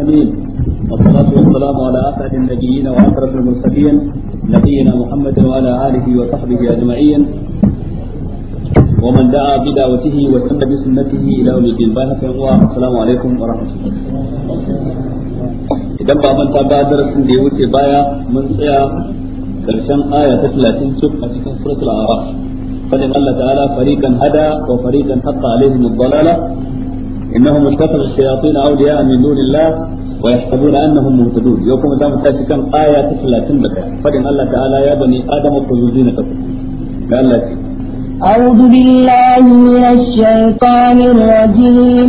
آمين والصلاة والسلام على أسعد النبيين وأشرف المرسلين نبينا محمد وعلى آله وصحبه أجمعين ومن دعا بدعوته وسن بسنته إلى يوم الدين بارك السلام عليكم ورحمة الله idan ba manta ba darasin da ya wuce baya mun tsaya karshen aya ta 30 cuk a cikin suratul a'raf fadin Allah ta'ala fariqan hada wa fariqan haqqa alaihim ad-dalalah إنهم اتخذوا الشياطين أولياء من دون الله ويحسبون أنهم مهتدون يوكم دام تاتكم آية تسلا تنبتا فإن الله تعالى يا بني آدم خذوا زينتكم قال لك أعوذ بالله من الشيطان الرجيم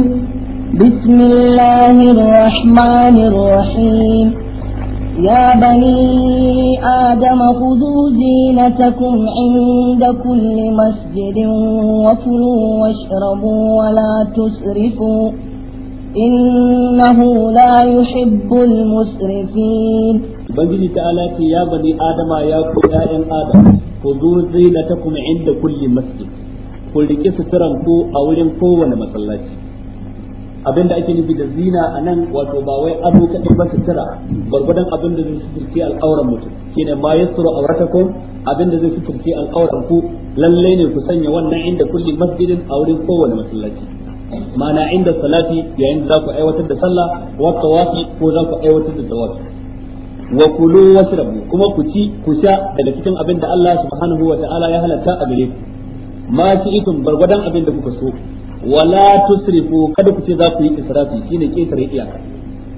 بسم الله الرحمن الرحيم يا بني آدم خذوا زينتكم عند كل مسجد وكلوا واشربوا ولا تسرفوا إنه لا يحب المسرفين بنجي تعالى يا بني آدم يا كل آدم خذوا زينتكم عند كل مسجد كل كسر ترنكو أو ينكو ولا مسلاتي abinda ake nufi da zina a nan wato ba wai ado kaɗai ba su tira gwargwadon abin da zai suturce al'auran mutum shine ma wata auratakum abin da zai suturce al'auran ku lallai ne ku sanya wannan inda kulli masjidin a wurin kowane masallaci mana inda salati yayin da za ku aiwatar da sallah wa tawafi ko za ku aiwatar da tawafi wa kulu washrabu kuma ku ci ku sha daga cikin abin da Allah subhanahu wa ta'ala ya halatta a gare ku ma ci ikum gwargwadon abin da kuka so wala tusrifu kada ku ce za ku yi israfi shine ƙetare iyaka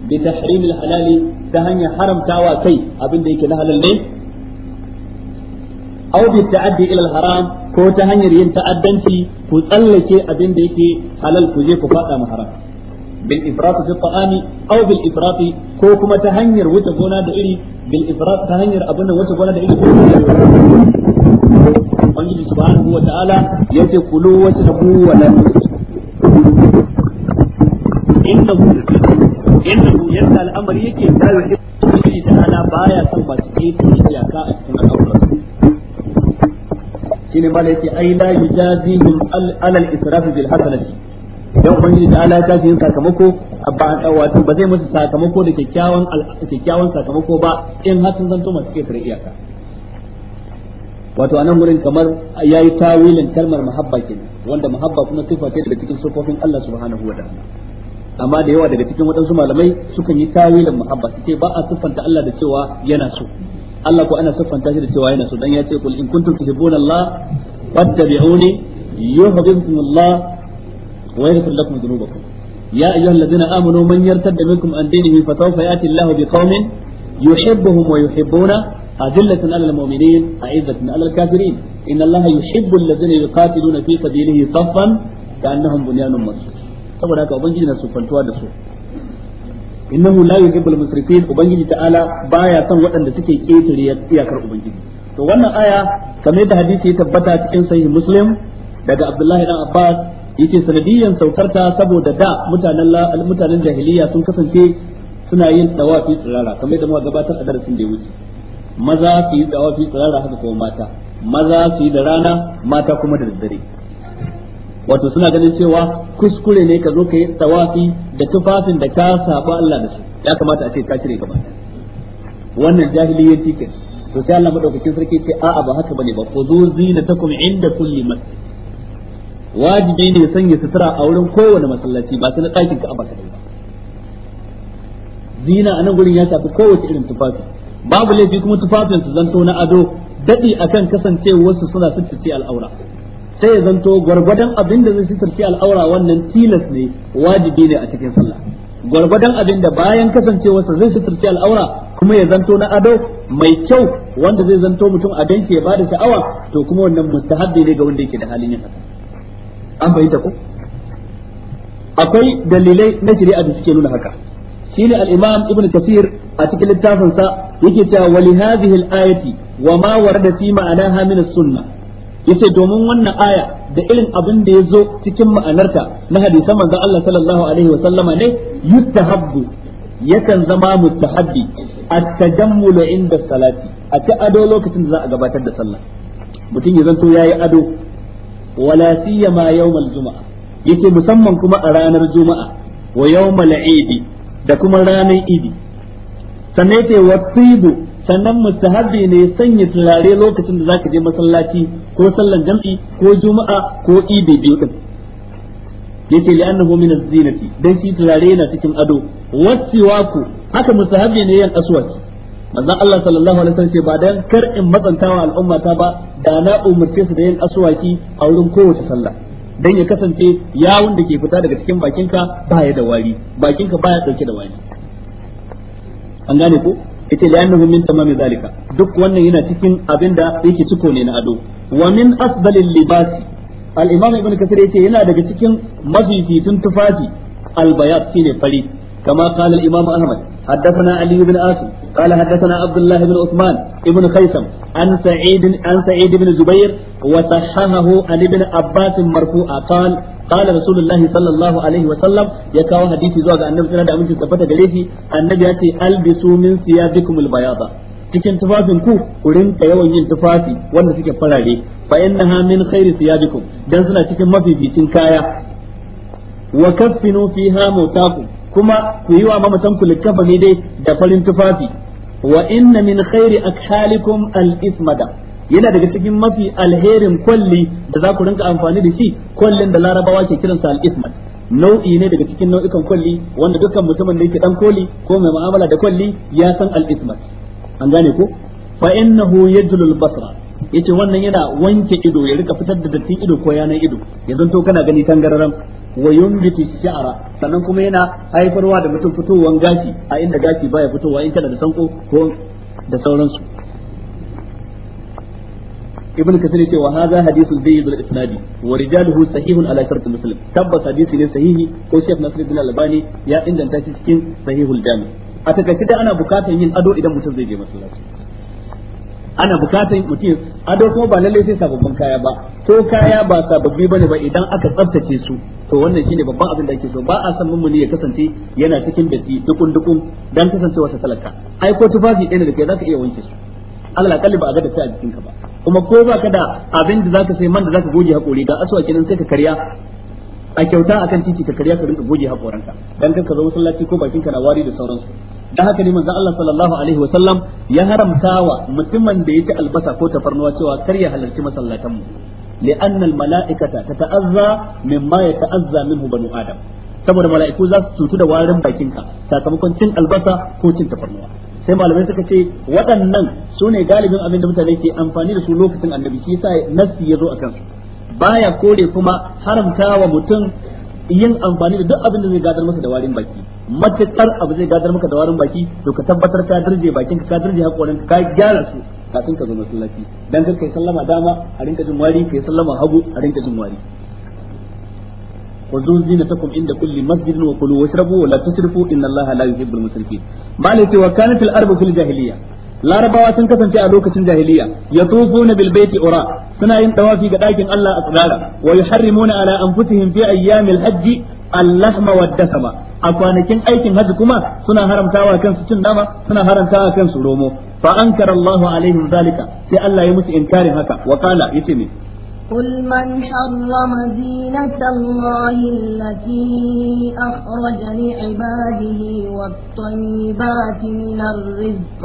bi tahrimil halali ta hanyar haramtawa kai abin da yake na halal ne aw bi ta'addi ila haram ko ta hanyar yin ta'addanci ku tsallake abin da yake halal ku je ku fada ma haram bil ifrat fi ta'ami aw bil ifrat ko kuma ta hanyar wuce gona da iri bil ifrat ta hanyar abin da wuce gona da iri Ubangiji subhanahu wa ta'ala yace kulu wasu da wa la yadda al'amari yake kawai ubangiji ta ala baya son ba su keta iyaka a cikin shi ne mala yake ai la yujazihim alal israf bil hasanati dan ubangiji da ala ta yin sakamako ba wato ba zai musu sakamako da kyakkyawan kyakkyawan sakamako ba in har sun zanto masu keta iyaka wato anan gurin kamar yayi tawilin kalmar mahabba kenan wanda mahabba kuma sifa ce daga cikin sifofin Allah subhanahu wa ta'ala amma da yawa daga cikin waɗansu malamai sukan yi tawilin muhabba su ce ba a siffanta Allah da cewa yana so Allah ko ana siffanta shi da cewa yana so dan ya ce kul in kuntum tuhibbuna Allah fattabi'uni yuhibbukum Allah wa yaghfir lakum dhunubakum ya ayyuhalladhina amanu man yartadda minkum an dinihi fasawfa ya'ti Allahu biqaumin yuhibbuhum wa yuhibbuna أذلة على المؤمنين أعزة على الكافرين إن الله يحب الذين يقاتلون في سبيله صفا كأنهم بنيان مرصوص saboda ka ubangiji na sufantuwa da su innahu la yuhibbul musrifin ubangiji ta'ala baya son waɗanda suke ketare iyakar ubangiji to wannan aya kamar da hadisi ya tabbata cikin sahih muslim daga abdullahi dan abbas yace sanadiyan saukarta saboda da mutanen mutanen jahiliya sun kasance suna yin dawafi tsirara kamar da muka gabatar a darasin da ya wuce maza su yi dawafi tsirara haka kuma mata maza su yi da rana mata kuma da daddare wato suna ganin cewa kuskure ne ka zo ka yi tawafi da tufafin da ka saba Allah da su ya kamata a ce ka cire gaba wannan jahiliyyaci ke to sai Allah madaukakin sarki ce a ba haka bane ba ko zo zinatakum inda kulli masjid wajibi ne sanya sutura a wurin kowane masallaci ba sai na ɗakin ka kadai ba zina a nan gurin ya shafi kowace irin tufafi babu laifi kuma tufafin su zanto na ado daɗi akan kasancewar su suna sittace al'aura sai ya zanto gwargwadon abin da zai sitarci al'aura wannan tilas ne wajibi ne a cikin sallah gwargwadon abin da bayan kasancewarsa zai sitarci al'aura kuma ya zanto na ado mai kyau wanda zai zanto mutum a ganshi ya bada sha'awa to kuma wannan mustahabbi ne ga wanda yake da halin yin haka an fahimta ko akwai dalilai na shari'a da suke nuna haka shine al-imam ibn kasir a cikin littafin sa yake cewa wa li hadhihi al-ayati wa ma warada fi ma'anaha min as-sunnah yace domin wannan aya da irin abin da ya zo cikin ma'anarta na hadisan manzon Allah sallallahu alaihi wa sallama ne yustahabbu yakan zama mustahabbi at-tajammulu inda salati a ci ado lokacin da za a gabatar da sallah mutum ya zanto yayi ado wala siyama yawmal juma'a yace musamman kuma a ranar juma'a wa yawmal idi da kuma ranar idi sannan yace wa sannan mustahabbi ne sanya turare lokacin da zaka je masallaci ko sallan jam'i ko juma'a ko idi biyu din yace li annahu min az-zinati dan shi turare yana cikin ado wasiwaku haka mustahabbi ne yan aswaki manzon Allah sallallahu alaihi wasallam ce ba dan kar in matsantawa al'ummata ba da na umurce su da yin aswaki a wurin kowace sallah dan ya kasance yawun da ke fita daga cikin bakinka baya da wari bakinka baya dauke da wari an gane ko yace li'annahu min tamami zalika duk wannan yana cikin abinda yake ciko ne na ado wa min asbalil libasi al-imam ibn kasir yace yana daga cikin mafi mafifitun tufafi al-bayat shine fari kama qala al-imam ahmad حدثنا علي بن آسم قال حدثنا عبد الله بن عثمان ابن خيسم عن سعيد عن سعيد بن جبير وصححه عن ابن عباس مرفوعا قال qala rasulullahi sallallahu alaihi wa sallam ya kawo hadisi zuwa ga annabi sallallahu da aminci tabbata gare shi annabi ya ce albisu min siyabikum albayada cikin tufafin ku ku rinka yawan yin tufafi wanda suke farare fa innaha min khairi siyabikum dan suna cikin mafificin kaya wa kaffinu fiha mutakum kuma ku yi wa mamatan ku likkafa ne dai da farin tufafi wa inna min khairi akhalikum al-ismada yana daga cikin mafi alherin kwalli da za ku rinka amfani da shi kwallin da larabawa ke kiransa al-ismat nau'i ne daga cikin nau'ikan kwalli wanda dukkan mutumin da yake dan koli ko mai mu'amala da kwalli ya san al-ismat an gane ko fa innahu yajlu al-basra yace wannan yana wanke ido ya rika fitar da dattin ido ko yanan ido ya to kana gani tangararan wa yumbitu sha'ra sannan kuma yana haifarwa da mutum fitowan gashi a inda gashi baya fitowa in kana da sanko ko da sauransu ibn kasir yace wa hadha hadithun jayyidul isnadi wa rijaluhu sahihun ala shart muslim tabbas hadisi ne sahihi ko shaykh nasiruddin albani ya inganta shi cikin sahihul jami a takaice ana bukatan yin ado idan mutum zai je masallaci ana bukatan mutum ado kuma ba lallai sai sababbin kaya ba ko kaya ba sababbi bane ba idan aka tsaftace su to wannan shine babban abin da ake so ba a san mummuni ya kasance yana cikin datti dukun dukun dan kasancewa ta talaka ai ko tufafi ɗaya da kai zaka iya wanke su Allah kalli ba ga da ta a jikinka ba kuma ko ba ka da abin da zaka sai man da zaka goge hakori ga aswaki nan sai ka karya a kyauta akan titi ka karya ka rinka goge hakoranka dan kanka zo masallaci ko bakin ka na wari da sauransu dan haka ne manzon Allah sallallahu alaihi wasallam ya haramtawa mutumin da yake albasa ko tafarnuwa cewa kar ya halarci masallatan mu li'anna al-mala'ikata tata'azza mimma yata'azza minhu banu adam saboda mala'iku za su cutu da warin bakinka sakamakon cin albasa ko cin tafarnuwa sai malamai suka ce waɗannan su ne galibin abin da mutane ke amfani da su lokacin annabi shi yasa nassi ya zo a kansu baya kore kuma haramta wa mutum yin amfani da duk abin da zai gadar masa da warin baki matuƙar abu zai gadar maka da warin baki to ka tabbatar ka dirje bakin ka dirje hakorin ka gyara su kafin ka zo masallaci dan ka kai sallama dama a rinka jin wari kai sallama hagu a rinka jin wari وزو زينتكم عند كل مسجد وكلوا واشربوا ولا تسرفوا إن الله لا يحب المسرفين مالك وكانت الأرض في الجاهلية larabawa sun kasance a lokacin jahiliya ya na bil ora. suna yin tawafi ga dakin Allah a tsirara wa yuharrimuna ala an anfusihim fi ayyamil hajji? Allah wad dasama a kwanakin aikin hajji kuma suna haramtawa kansu cin nama suna haramtawa kansu romo fa ankara Allahu alaihim zalika sai Allah ya musu inkarin haka Wakala qala yace ne قل من حرم زينة الله التي أخرج لعباده والطيبات من الرزق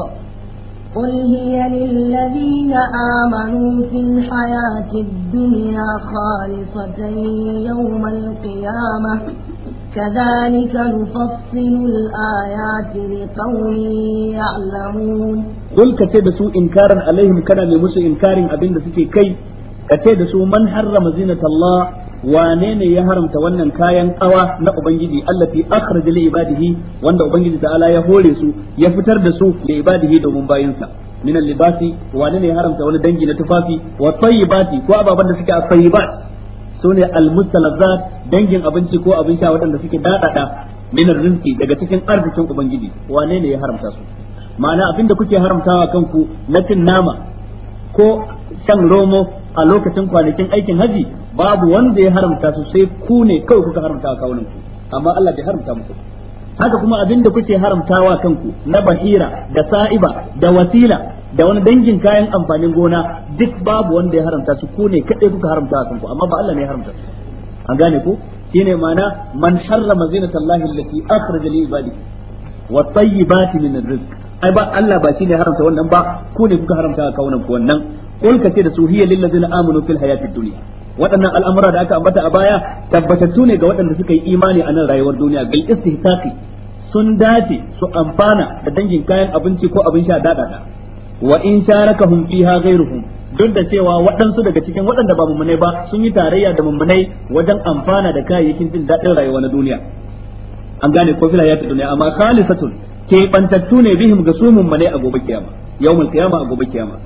قل هي للذين آمنوا في الحياة الدنيا خالصة يوم القيامة كذلك نفصل الآيات لقوم يعلمون قل كتب سوء إنكارا عليهم كان لمسو إنكار أبين سكي كي ka ce da su man harrama zinatallah wane ne ya haramta wannan kayan kawa na ubangiji allati akhraj li ibadihi wanda ubangiji ta'ala ya hore su ya fitar da su li ibadihi domin bayinsa min al-libasi wane ne ya haramta wani dangi na tufafi wa tayyibati ko ababan da suke a tayyibat sune al-mustalazzat dangin abinci ko abin sha waɗanda suke dadada min rizqi daga cikin arzikin ubangiji wane ne ya haramta su ma'ana abinda kuke haramtawa kanku na cin nama ko shan romo a lokacin kwanakin aikin haji babu wanda ya haramta su sai ku ne kawai kuka haramta a kawunan amma Allah bai haramta muku haka kuma abin da kuke haramtawa kanku na bahira da sa'iba da wasila da wani dangin kayan amfanin gona duk babu wanda ya haramta su ku ne kadai kuka haramta kanku amma ba Allah ne ya haramta su an gane ku shine ma'ana man harrama zinatallahi allati akhraja li ibadihi wa tayyibati min rizq ai ba Allah ba shine haramta wannan ba ku ne kuka haramta ka wannan ku wannan kul kace da su hiya lil ladzina amanu fil hayatid dunya waɗannan al'amura da aka ambata a baya tabbatattu ne ga waɗanda suka yi imani a nan rayuwar duniya bil istihqaqi sun dace su amfana da dangin kayan abinci ko abin sha dadada wa in sharakahum fiha ghayruhum duk da cewa waɗansu daga cikin waɗanda ba mummunai ba sun yi tarayya da mummunai wajen amfana da kayayyakin jin daɗin rayuwa na duniya an gane ko fil hayatid dunya amma khalisatun ke bantattu ne bihim ga su mummune a gobe kiyama yawmul kiyama a gobe kiyama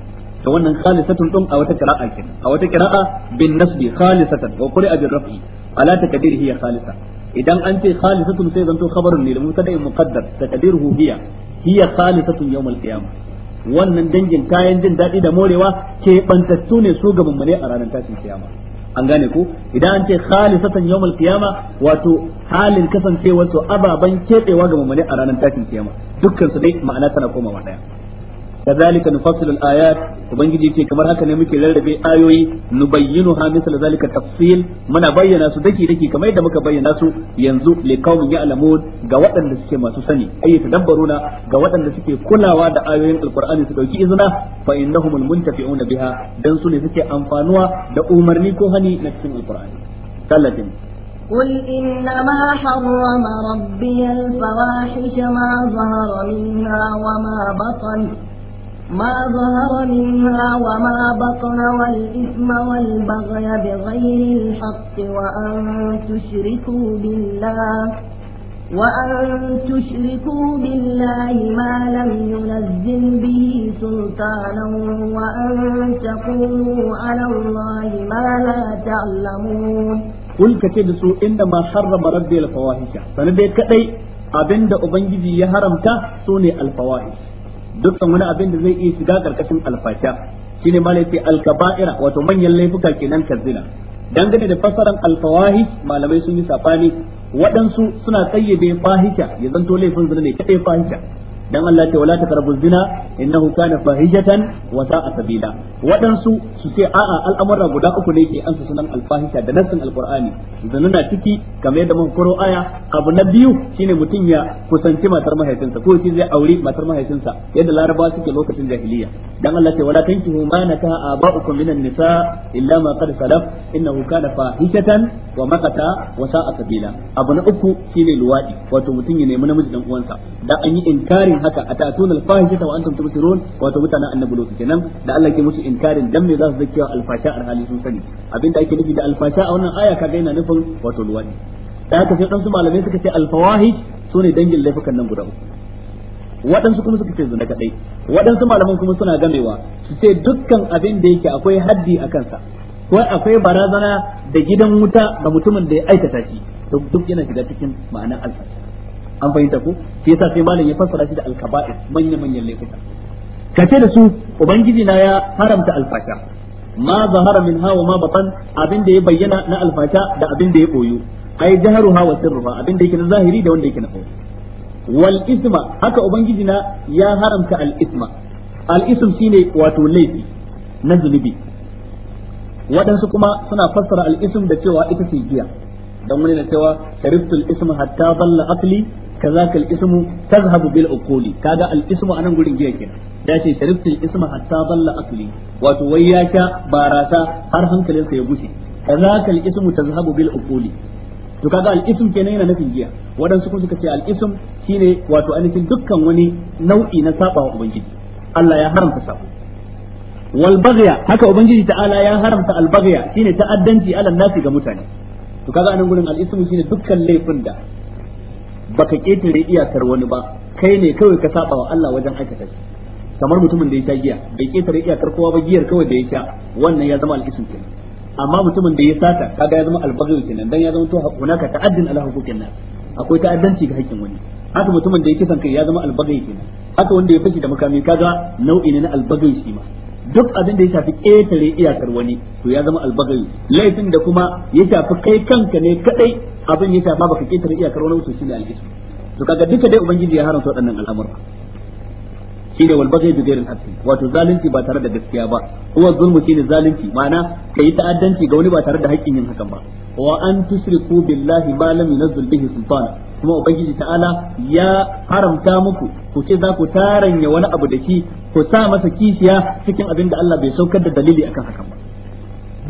to wannan khalisatun dun a wata qira'a ke. a wata qira'a bin nasbi khalisatan wa qira'a bil raf'i ala taqdir hiya khalisa idan an ce khalisatun sai zanto khabarun lil mubtada muqaddar taqdiruhu hiya hiya khalisatun yawmul kiyama. wannan dangin kayan jin dadi da morewa ke ne su ga mummune a ranar tashin kiyama an gane ku idan an ce khalisatan yawmul qiyama wato halin kasancewar su ababan kebewa ga mamane a ranar tashin kiyama dukkan su dai ma'ana tana komawa daya kadhalika nufassilu al-ayat ubangiji yake kamar haka ne muke rarrabe ayoyi nubayyinuha misal zalika tafsil muna bayyana su daki daki kamar yadda muka bayyana su yanzu li qaumin ya'lamun ga waɗanda suke masu sani ayyata tadabbaruna ga waɗanda suke kulawa da ayoyin alqur'ani su dauki izina fa innahumul muntafi'una biha dan su ne suke amfanuwa da umarni ko hani na cikin alqur'ani sallatin قل إنما حرم ربي الفواحش ما ظهر منها وما بطن ما ظهر منها وما بطن والإثم والبغي بغير الحق وأن تشركوا بالله وأن تشركوا بالله ما لم ينزل به سلطانا وأن تقولوا على الله ما لا تعلمون قل كتب سوء إنما حرم ربي الفواحش فلدي كتب abinda ubangiji ya haramta sune alfawahish dukkan wani abin da zai iya shiga karkashin alfasha shine malai ce alkaba'ira wato manyan laifuka kenan kazzina dangane da fasaran alfawahi malamai sun yi safani waɗansu suna kayyade fahisha ya zanto laifin zina ne kadai fahisha dan Allah ce wala taqrabuz zina innahu kana fahijatan wa sa'a sabila wadansu su ce a'a al'amura guda uku ne ke ansa sunan alfahisha da nassin alqur'ani zanuna ciki kamar yadda mun koro aya abu na biyu shine mutum ya kusanci matar mahaifinsa ko shi zai aure matar mahaifinsa yadda laraba suke lokacin jahiliya dan Allah ce wala tankihu ma nakaha aba'ukum minan nisa illa ma qad salaf innahu kana fahishatan wa maqata wa sa'a sabila abu na uku shine luwadi wato mutum ya nemi namiji dan uwansa dan an yi inkarin haka a atatuna al-fahishata wa antum tubsirun wato mutanen annabi lutu kenan da Allah ke musu inkarin dan me za su zakiya al-fasha alhali sun sani abinda ake nufi da alfasha a wannan aya kaga yana nufin wato luwadi da haka sai dan su malamai suka ce alfawahi sune dangin laifukan nan guda uku waɗansu kuma suka ce zina kaɗai waɗansu malaman kuma suna gamewa su ce dukkan abin da yake akwai haddi a kansa ko akwai barazana da gidan wuta ga mutumin da ya aikata shi duk yana shiga cikin ma'anar alfasha. an fahimta ku shi yasa sai malam ya fassara shi da alkaba'ir manya manyan laifuka kace da su ubangiji na ya haramta alfasha ma zahara min hawa ma batan abin da ya bayyana na alfasha da abin da ya boyo ai jaharuha wa sirruha abin da yake na zahiri da wanda yake na boye wal isma haka ubangiji na ya haramta al isma al ism shine wato laifi na zunubi waɗansu kuma suna fassara al da cewa ita ce giya dan wani na cewa shariftul ism hatta balla akli kazaka al-ismu tazhabu bil uquli kaga al-ismu anan gurin giya kenan ya ce tariftul isma hatta dalla akli wato wai ya sha barasa har hankalinsa ya gushe kazaka al-ismu tazhabu bil uquli to kaga al-ism kenan yana nufin giya wadansu kuma suka ce al-ism shine wato ainihin dukkan wani nau'i na sabawa ubangiji Allah ya haramta sabo wal baghya haka ubangiji ta'ala ya haramta al baghya shine ta'addanci ala nasi ga mutane to kaga anan gurin al-ism shine dukkan laifin da baka ketare iyakar wani ba kai ne kawai ka saba wa Allah wajen aikata shi kamar mutumin da ya sha giya bai ketare iyakar kowa ba giyar kawai da ya sha wannan ya zama alkisun kenan amma mutumin da ya sata kaga ya zama albaghi kenan dan ya zama to hunaka ta'addin ala huquqin nas akwai ta'addanci ga haƙƙin wani haka mutumin da ya kisan kai ya zama albaghi kenan haka wanda ya fashi da makami kaga nau'i ne na albaghi shi ma duk abin da ya shafi ƙetare iyakar wani to ya zama albagayi laifin da kuma ya shafi kai kanka ne kadai abin ya shafa baka ketare iyakar wani mutum shine alhism to kaga duka dai ubangiji ya haramta waɗannan al'amura shine wal baghy bi ghairi al wato zalunci ba tare da gaskiya ba huwa zulmu shine zalunci ma'ana kai ta'addanci ga wani ba tare da haƙƙin yin hakan ba wa an tushriku billahi ma lam yunzil bihi sultana kuma ubangiji ta'ala ya haramta muku ku ce za ku taranya wani abu da shi ku sa masa kishiya cikin abin da Allah bai saukar da dalili akan hakan ba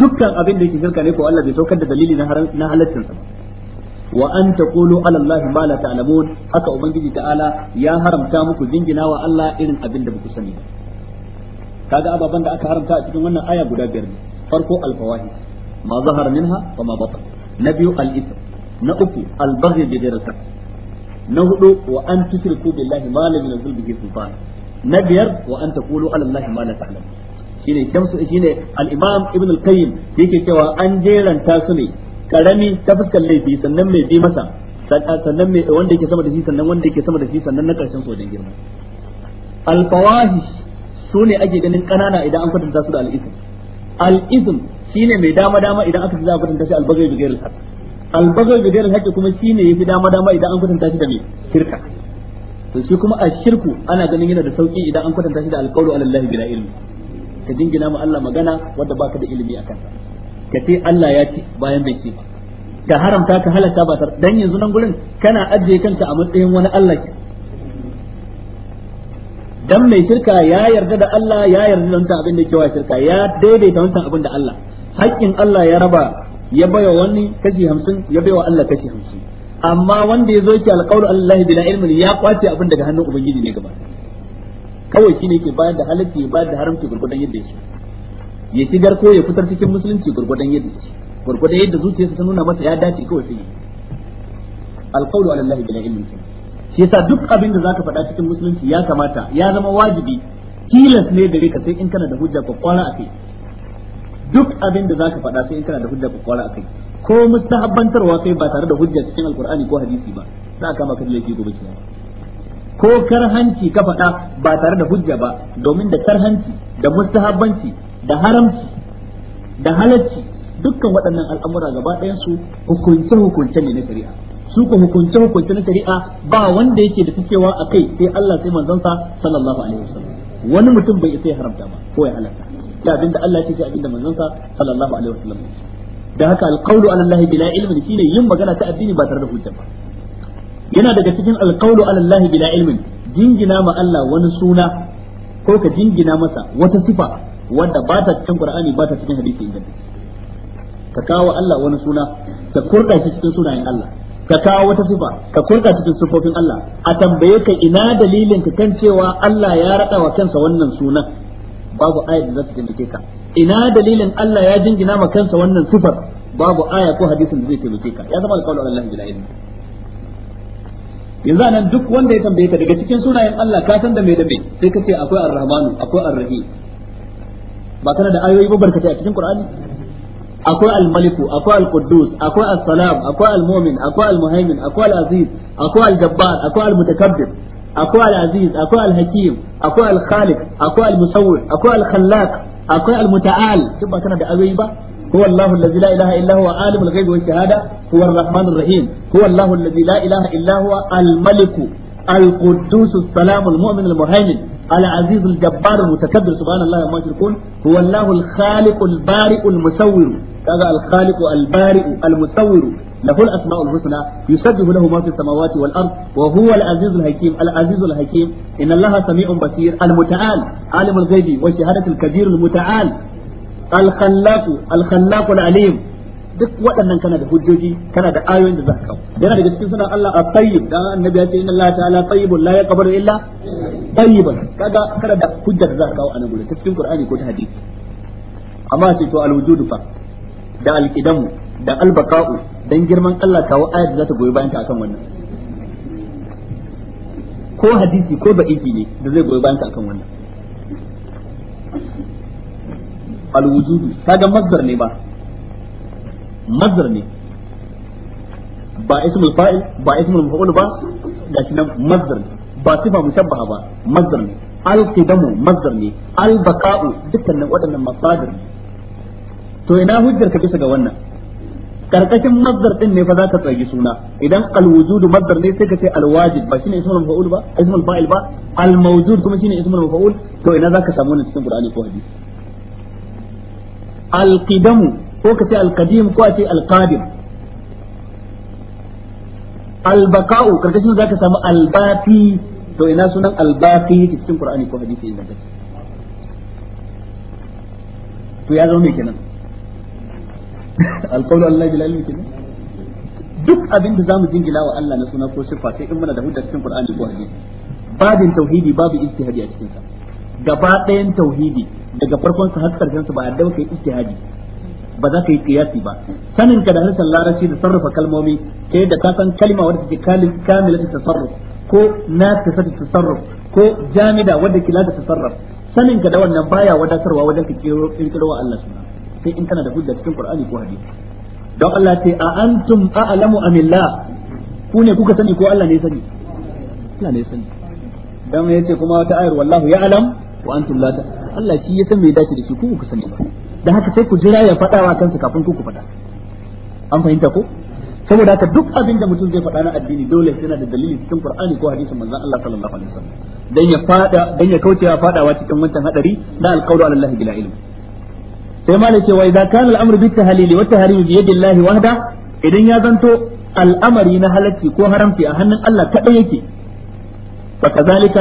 dukkan abin da yake shirka ne ko Allah bai saukar da dalili na na halaccin wa an taqulu ala allahi ma la ta'lamun haka ubangiji ta'ala ya haramta muku jingina Allah irin abin da muku sani kaga ababan da aka haramta a cikin wannan aya guda biyar ne farko al-fawahish ma zahara minha wa ma batan na biyu al-ithm na uku al-baghy bi ghayri na hudu wa an tushriku billahi ma lam yunzil bihi sultan na biyar wa an taqulu ala allahi ma la ta'lamun shine shamsu shine al-imam ibn al-qayyim yake cewa an jeranta su ne karami ta fuskar laifi sannan mai bi masa sannan mai wanda yake sama da shi sannan wanda yake sama da shi sannan na karshen sojan girma alfawahish su ne ake ganin kanana idan an kwatanta su da Al'izm shi shine mai dama dama idan aka za a kwatanta shi albagai bi gairil haqq albagai bi gairil haqq kuma shine yafi dama dama idan an kwatanta shi da shirka to shi kuma shirku ana ganin yana da sauki idan an kwatanta shi da alqawlu ala allahi bila ilmi ka dingina ma Allah magana wanda baka da ilimi akan sa ka ce Allah ya ce bayan bai ce ba ka haramta ka halaka ba tar dan yanzu nan gurin kana ajiye kanka a matsayin wani Allah ke dan mai shirka ya yarda da Allah ya yarda da abin da kewa shirka ya daidaita wancan abin da Allah haƙƙin Allah ya raba ya baiwa wani kashi hamsin ya baiwa Allah kashi hamsin amma wanda ya zo ki alƙawar Allah bila ilmin ya kwace abin daga hannun ubangiji ne gaba kawai shine ke bayar da halacci bayar da haramci gurgudan yadda yake ya shigar ko ya fitar cikin musulunci gurgudan yadda ce gurgudan yadda zuciyarsa ta nuna masa ya dace kawai sai alqawlu ala allahi bila ilmin shi yasa duk abin da zaka faɗa cikin musulunci ya kamata ya zama wajibi tilas ne gare ka sai in kana da hujja kwara a kai duk abin da zaka faɗa sai in kana da hujja kwara a kai ko mustahabbantarwa kai ba tare da hujja cikin alqur'ani ko hadisi ba za kama ka da laifi gobe kiyama ko karhanci ka faɗa ba tare da hujja ba domin da karhanci da mustahabbanci da haramci da halacci dukkan waɗannan al'amura gaba ɗayan su hukunce hukunce ne na shari'a su ko hukunce hukunce na shari'a ba wanda yake da cewa a kai sai Allah sai manzansa sallallahu alaihi wasallam wani mutum bai isa ya haramta ba ko ya halatta da abinda Allah ya ce abinda manzansa sallallahu alaihi wasallam da haka alqawlu ala Allah bila ilmin shine yin magana ta addini ba tare da hujja ba yana daga cikin alqawlu ala Allah bila ilmin jingina ma Allah wani suna ko ka jingina masa wata sifa wanda ba ta cikin qur'ani ba ta cikin hadisi inganta ka kawo Allah wani suna ka kurka shi cikin sunayen Allah ka kawo wata sifa ka kurka cikin sifofin Allah a tambaye ka ina dalilin ka kan cewa Allah ya rada wa kansa wannan sunan babu ayat da za ta taimake ka ina dalilin Allah ya jingina ma kansa wannan sifar babu aya ko hadisin da zai taimake ka ya zama alƙawarin Allah bila ilmi yanzu anan duk wanda ya tambaye ka daga cikin sunayen Allah ka san da me da me sai ka ce akwai ar-rahmanu akwai ar-rahim ba tana da ayoyi barkatai a cikin Qur'ani akwai al-maliku akwai al-quddus akwai as-salam akwai al-mu'min akwai al-muhaymin akwai al-aziz akwai al-jabbar akwai al-mutakabbir akwai al-aziz akwai al-hakim akwai al-khaliq akwai al-musawwir akwai al-khallaq akwai al-muta'al duk ba kana da ayoyi ba هو الله الذي لا إله إلا هو عالم الغيب والشهادة هو الرحمن الرحيم هو الله الذي لا إله إلا هو الملك القدوس السلام المؤمن المهيمن العزيز الجبار المتكبر سبحان الله ما يشركون هو الله الخالق البارئ المصور هذا الخالق البارئ المصور له الاسماء الحسنى يسبح له ما في السماوات والارض وهو العزيز الحكيم العزيز الحكيم ان الله سميع بصير المتعال عالم الغيب والشهاده الكبير المتعال الخلاق الخلاق العليم duk waɗannan kana da hujjoji kana da ayoyin da zaka kawo yana daga cikin sunan Allah at-tayyib da annabi ya ce inna Allah ta'ala tayyibun la yaqbalu illa tayyiban kaga kana da hujja da zaka kawo a nan gurin ta cikin Qur'ani ko ta hadisi amma sai to al-wujudu fa da al-qidamu da al-baqa'u dan girman Allah kawo ayat da za ta goyi bayan ta akan wannan ko hadisi ko ba'iki ne da zai goyi bayan ta akan wannan al-wujudu kaga masdar ne ba مصدر ني با ismul الفاعل با اسم المفعول با gashi مصدر mazdar ne ba sifa mushabbaha ba mazdar ne al-qidamu mazdar ne al-baqa'u dukkanin waɗannan to ina hujjar ka bisa ga wannan karkashin mazdar din ne fa za ka tsagi suna idan al-wujudu mazdar ne sai ka ce al-wajib ba shine ismul maf'ul ba ismul fa'il ba al-mawjud kuma shine ismul maf'ul to ina za ka samu wannan cikin qur'ani ko hadisi al-qidamu ko ka ce alqadim ko a ce alqadim albaqa'u karkashin zaka samu albafi to ina sunan albafi yake cikin qur'ani ko hadisi ne zaka to ya zama me kenan alqawlu allahi bil ilmi kenan duk abin da zamu jingila wa Allah na suna ko sifa sai in muna da hujja cikin qur'ani ko hadisi babin tauhidi babu ijtihadi a cikin sa gaba ɗayan tauhidi daga farkon sa har karshen sa ba a dauka ijtihadi ba za ka yi kiyasi ba sanin ka da harshen larabci da sarrafa kalmomi ta yadda ka san kalma wadda take ta tasarruf ko na ta tasarruf ko jamida wadda ke lata tasarruf sanin ka da wannan baya wadatarwa wajen ka kirkiro wa Allah suna sai in kana da hujja cikin Qur'ani ko hadisi don Allah ce a antum a'lamu amillah ku ne kuka sani ko Allah ne sani Allah ne sani dan yace kuma wata ayar wallahu ya'lam wa antum la Allah shi ya san me dace da shi ku ku sani ba da haka sai ku jira ya faɗa wa kansa kafin ku faɗa an fahimta ko saboda haka duk abin da mutum zai faɗa na addini dole yana da dalili cikin Qur'ani ko hadisin manzon Allah sallallahu alaihi wasallam dan ya faɗa dan ya kaucewa faɗawa cikin wancan hadari na alqawlu ala Allah bila ilmi sai malai ce wa idza kana al'amru bi tahlili wa tahrimi bi yadi Allah wahda idan ya zanto al'amari na halarci ko haramci a hannun Allah kadai yake فكذلك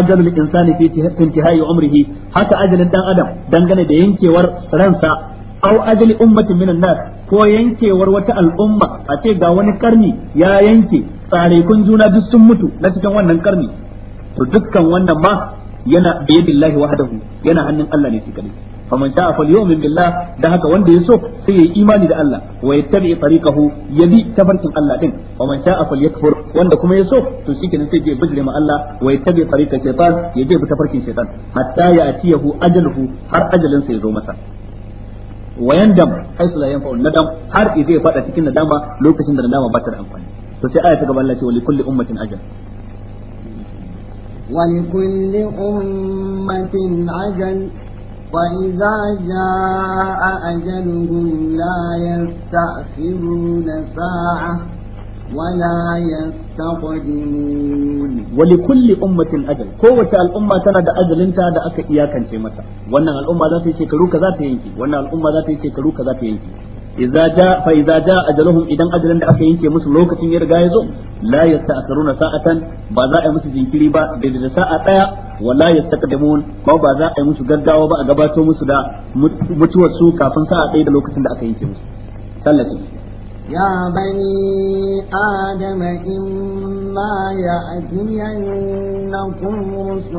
أجل الإنسان في انتهاء عمره حتى أجل الدان أدم دنغن دينكي ور رنسا أو أجل أمة من الناس ko yankewar wata al'umma a ce ga wani karni ya yanke kun juna duk sun mutu na cikin wannan karni to dukkan wannan ma yana biyadillahi wahdahu yana hannun Allah ne shi kadai faman sha'a falyu'min billah da haka wanda ya so sai ya imani da Allah wa yattabi tariqahu yabi tabarkin Allah din faman sha'a falyakfur wanda kuma ya so to shikenan sai ya bijire ma Allah wa yattabi tariqa shaytan ya bi tabarkin shaytan hatta ya atiyahu ajaluhu har ajalin sa ya zo masa wayandam haisu la yanfa'u nadam har idai fada cikin nadama lokacin da na dama bata da amfani to aya ta gaba Allah ولكل أمة أجل وإذا جاء أجلهم لا يستأخرون ساعة ولا يستقدمون ولكل أمة أجل قوة الأمة تنا دا أجل انت دا أكا إياكا شيمتا وانا الأمة ذات يشكرو كذا تينكي وانا الأمة ذات يشكرو كذا تينكي إذا جاء فإذا جاء أجلهم إذا أجل da aka yanke musu lokacin ya riga ya zo la yasta'khiruna sa'atan ba za a musu jinkiri ba da sa'a daya wala yastaqdimun ko ba za a yi musu gaggawa ba a gabato musu da mutuwar su kafin a ɗaya da lokacin da aka yanke musu sallatu يا بني آدم إما يأتينكم رسل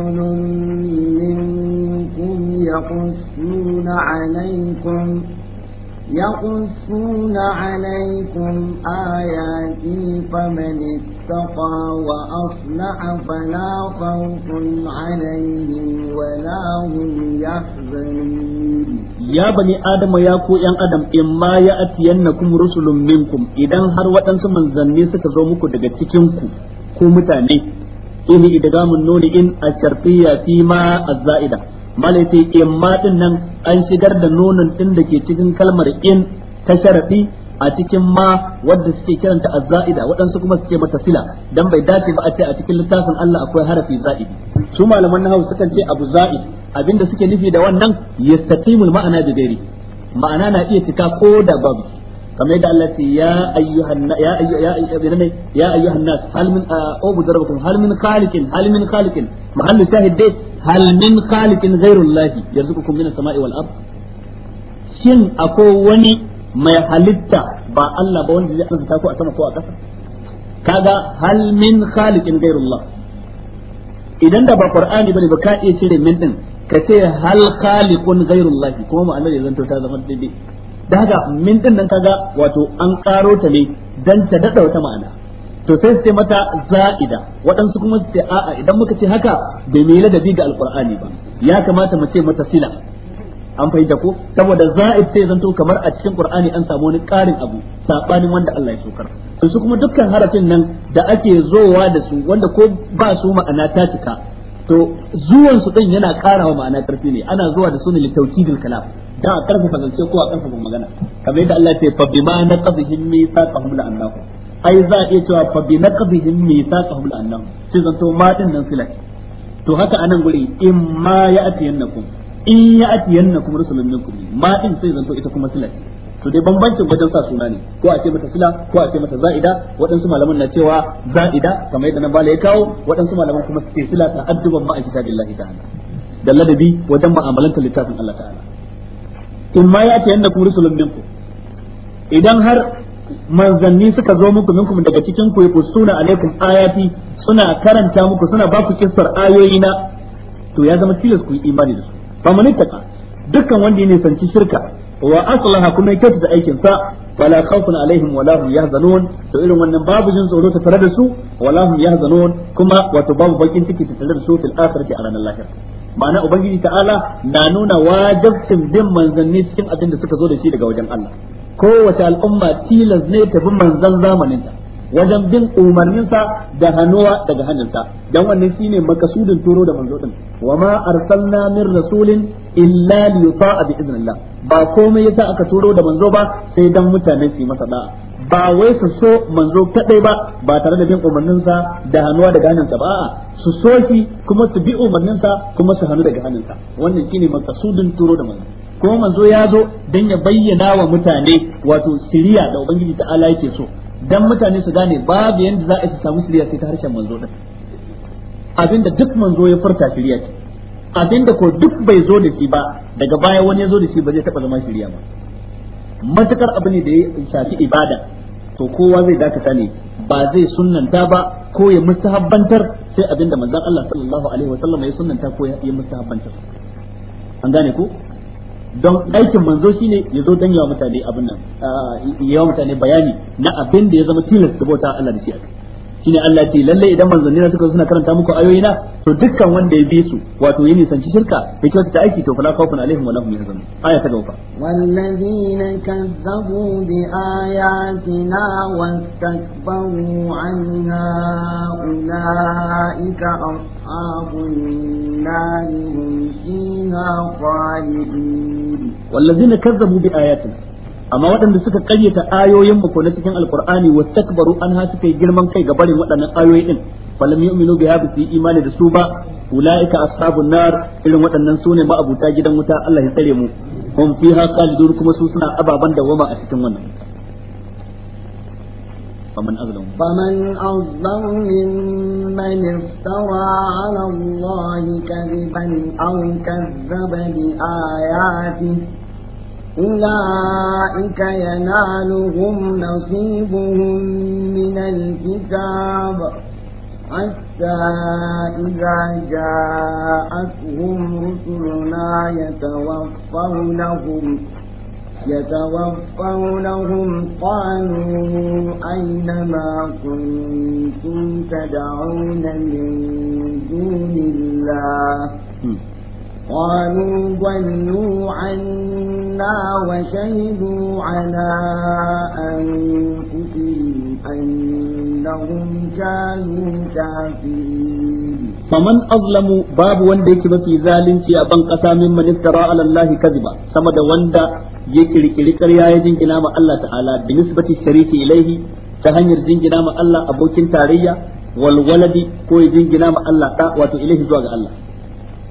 منكم يقصون عليكم يقصون عليكم آياتي فمن اتقى وأصلح فلا خوف عليهم ولا هم يحزنون يا بني آدم يا كو يان آدم إما يأتينكم رسل منكم إذا هر وطن سمن زنين ستزومكو دقتكمكو كو متاني إني إدغام النون إن الشرطية فيما الزائدة malaita sai imma din nan an shigar da nonon din da ke cikin kalmar in ta sharafi a cikin ma wadda suke kiranta azza'ida waɗansu kuma suke mata sila dan bai dace ba a ce a cikin littafin Allah akwai harafi za'idi su malaman hausa sukan ce abu za'id abinda suke nufi da wannan yastatimul ma'ana da dare ma'ana na iya cika ko da babu kamar yadda Allah ce ya ayyuhan ya ayyu ya ayyu ne ya ayyuhan nas hal min ubudu rabbakum hal min khaliqin hal min khaliqin mahallu shahid dai hal min khaliqin ghairullahi yarzuqukum minas sama'i wal ard shin akwai wani mai halitta ba Allah ba wanda zai arzuta ku a sama ko a ƙasa kaga hal min khaliqin ghairullah idan da ba qur'ani bane ba ka iya cire min din ka ce hal khaliqun ghairullah kuma ma'anar ya ta zama daidai da haka min din nan kaga wato an karo ta ne dan ta dada wata ma'ana to sai sai mata za'ida waɗansu kuma su ce a'a idan muka ce haka bai mai ladabi ga alqur'ani ba ya kamata mu ce mata sila an fahimta ko saboda za'id sai zanto kamar a cikin qur'ani an samu wani karin abu sabanin wanda Allah ya sokar to su kuma dukkan harafin nan da ake zowa da su wanda ko ba su ma'ana ta cika to zuwan su din yana karawa ma'ana karfi ne ana zuwa da su ne litaukidil kalam da a karfafa zance ko a karfafa magana kamar yadda Allah ya ce fa bima naqdihim mithaqahum la annahu ai za a iya cewa fa bi naqdihim mithaqahum la annahu sai zanto ma din nan sila to haka anan guri in ma ya ya'tiyannakum in ya ya'tiyannakum rusulun minkum ma din sai zan to ita kuma sila to dai bambancin wajen sa suna ne ko a ce mata sila ko a ce mata za'ida waɗansu malaman na cewa za'ida kamar yadda na bala ya kawo waɗansu malaman kuma suke sila ta adduban ma'aikata kitabillahi ta'ala da ladabi wajen ma'amalanta littafin Allah ta'ala in ma ya ce yannakum rusulun minkum idan har manzanni suka zo muku minkum daga cikin ku suna alaikum ayati suna karanta muku suna ba ku kissar ayoyi na to ya zama tilas ku yi imani da su fa man ittaka dukkan wanda ya nisanci shirka wa aslaha kuma ya kyautata aikin sa fala khawfun alaihim wala hum yahzanun to irin wannan babu jin tsoro ta tare da su wala hum yahzanun kuma wato babu bakin ciki ta tare da su fil akhirati a ranar lahira ma'ana ubangiji ta'ala na nuna wajabcin bin manzanni cikin abin da suka zo da shi daga wajen Allah kowace al'umma tilas ne ta bi manzan zamaninta wajen bin umarninsa da hannuwa daga hannunsa dan wannan shine makasudin turo da manzo din wa ma arsalna min rasulin illa li yuta'a bi idnillah ba komai yasa aka turo da manzo ba sai dan mutane su masa da'a ba wai su so manzo kadai ba ba tare da bin umarninsa da hannuwa daga hannunsa ba a'a su so shi kuma su bi umarninsa kuma su hannu daga hannunsa wannan shine asudin turo da manzo kuma manzo ya zo dan ya bayyana wa mutane wato siriya da ubangiji ala yake so dan mutane su gane babu yanda za a su samu siriya sai ta harshen manzo din abinda duk manzo ya furta siriya ce abinda ko duk bai zo da shi ba daga baya wani ya zo da shi ba zai taba zama siriya ba matukar abu ne da ya shafi ibada to kowa zai dakata ne ba zai sunnanta ba ko ya mustahabbantar sai abinda manzon Allah sallallahu alaihi wa sallam ya sunnanta ko ya mustahabbantar an gane ko don aikin manzo shine ya zo dan yawa mutane abin nan ah, yawa mutane bayani na abin da ya zama tilas da bauta Allah da shi kai shine Allah ce lalle idan manzanni na suka suna karanta muku ayoyina to dukkan wanda ya bi su wato yin sanci shirka ya kyauta ta aiki to fala khawfun alaihim wala hum yahzanun aya ta gaba wallazina kazzabu bi ayatina wastakbaru anha ulaika ashabun nar hum fiha khalidun wallazina kazzabu bi ayatina amma waɗanda suka ƙayyata ayoyin mu ko na cikin takbaru an takbaru suka yi girman kai ga barin waɗannan ayoyi din falam yu'minu biha bi imani da su ba ulaika ashabun nar irin waɗannan sune ma'abuta gidan wuta Allah ya tsare mu hum fiha khalidun kuma su suna ababan da dawama a cikin wannan فمن أظلم فمن أظلم ممن افترى على الله كذبا أو كذب بآياته أولئك ينالهم نصيبهم من الكتاب حتى إذا جاءتهم رسلنا يتوفونهم يتوفونهم قالوا أين ما كنتم تدعون من دون الله قالوا ضلوا عنا وشهدوا على أنفسهم أنهم كانوا كافرين فمن أظلم باب وندك في ظالم في أبن قسام من افترى على الله كذبا سمد وندا يكري كري كريا يجن كلام الله تعالى بنسبة الشريك إليه تهنير جن كلام الله أبوكين تاريا والولد كوي جن كلام الله تا واتو إليه زواج الله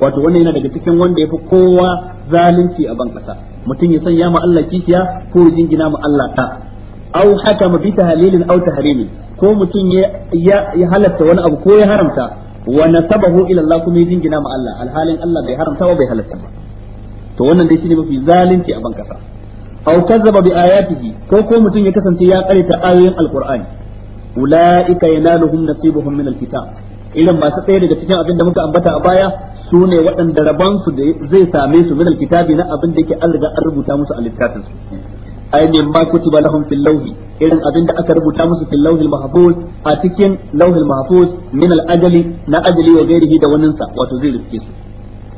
wato wannan yana daga cikin wanda fi kowa zalunci a ban kasa mutum ya sanya ma Allah kishiya ko jingina ma Allah ta aw mu bi tahlilin aw tahrimin ko mutum ya ya halatta wani abu ko ya haramta wa nasabahu ila Allah kuma ya jingina ma Allah alhalin Allah bai haramta ba bai halatta ba to wannan dai shine mafi zalunci a ban kasa aw kazzaba bi ayatihi ko ko mutum ya kasance ya karanta ayoyin alqur'ani ulaika yanaluhum nasibuhum min alkitab irin masu tsaye daga cikin abin da muka ambata a baya su ne waɗanda rabansu da zai same su min alkitabi na abin da yake an riga an rubuta musu a littafin su ai ne ma kutiba lahum fil lawhi irin abin da aka rubuta musu fil lawhil mahfuz a cikin lawhil mahfuz min al ajali na ajali wa da wannan sa wato zai riske su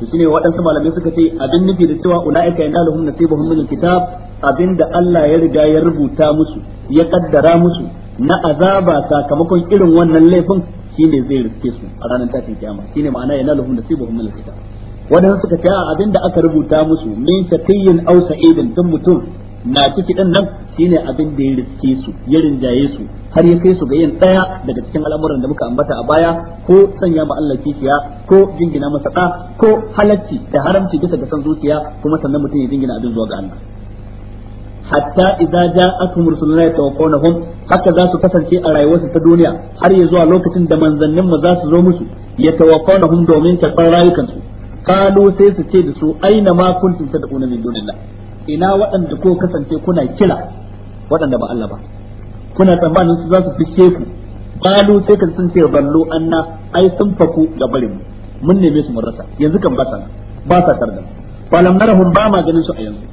to shine waɗansu malamai suka ce abin nufi da cewa ulaika yanaluhum nasibahum min alkitab abin da Allah ya riga ya rubuta musu ya kaddara musu na azaba sakamakon irin wannan laifin shine zai riske su a ranar tashin kiyama shine ma'ana yana lahum nasibuhum min al-kitab wadanda suka ce abinda aka rubuta musu min shakiyyin aw sa'idin tun mutum na ciki din nan shine abin da ya riske su ya rinjaye su har ya kai su ga yin daya daga cikin al'amuran da muka ambata a baya ko sanya ma Allah kishiya ko jingina masa ko halacci da haramci bisa ga san zuciya kuma sannan mutum ya jingina abin zuwa ga Allah hatta idza ja'atuhum rusuluna yatawaffawnahum haka za su kasance a rayuwarsu ta duniya har ya zuwa lokacin da manzannin mu za su zo musu ya yatawaffawnahum domin karɓar rayukansu qalu sai su ce da su aina ma kuntum tad'una min dunillah ina waɗanda ko kasance kuna kira waɗanda ba Allah ba kuna tsammanin su za fice ku qalu sai sun ce ballo anna ai sun faku ga barin mu mun neme su rasa yanzu kan ba sa ba tarda falam narahum ba ma ganin su a yanzu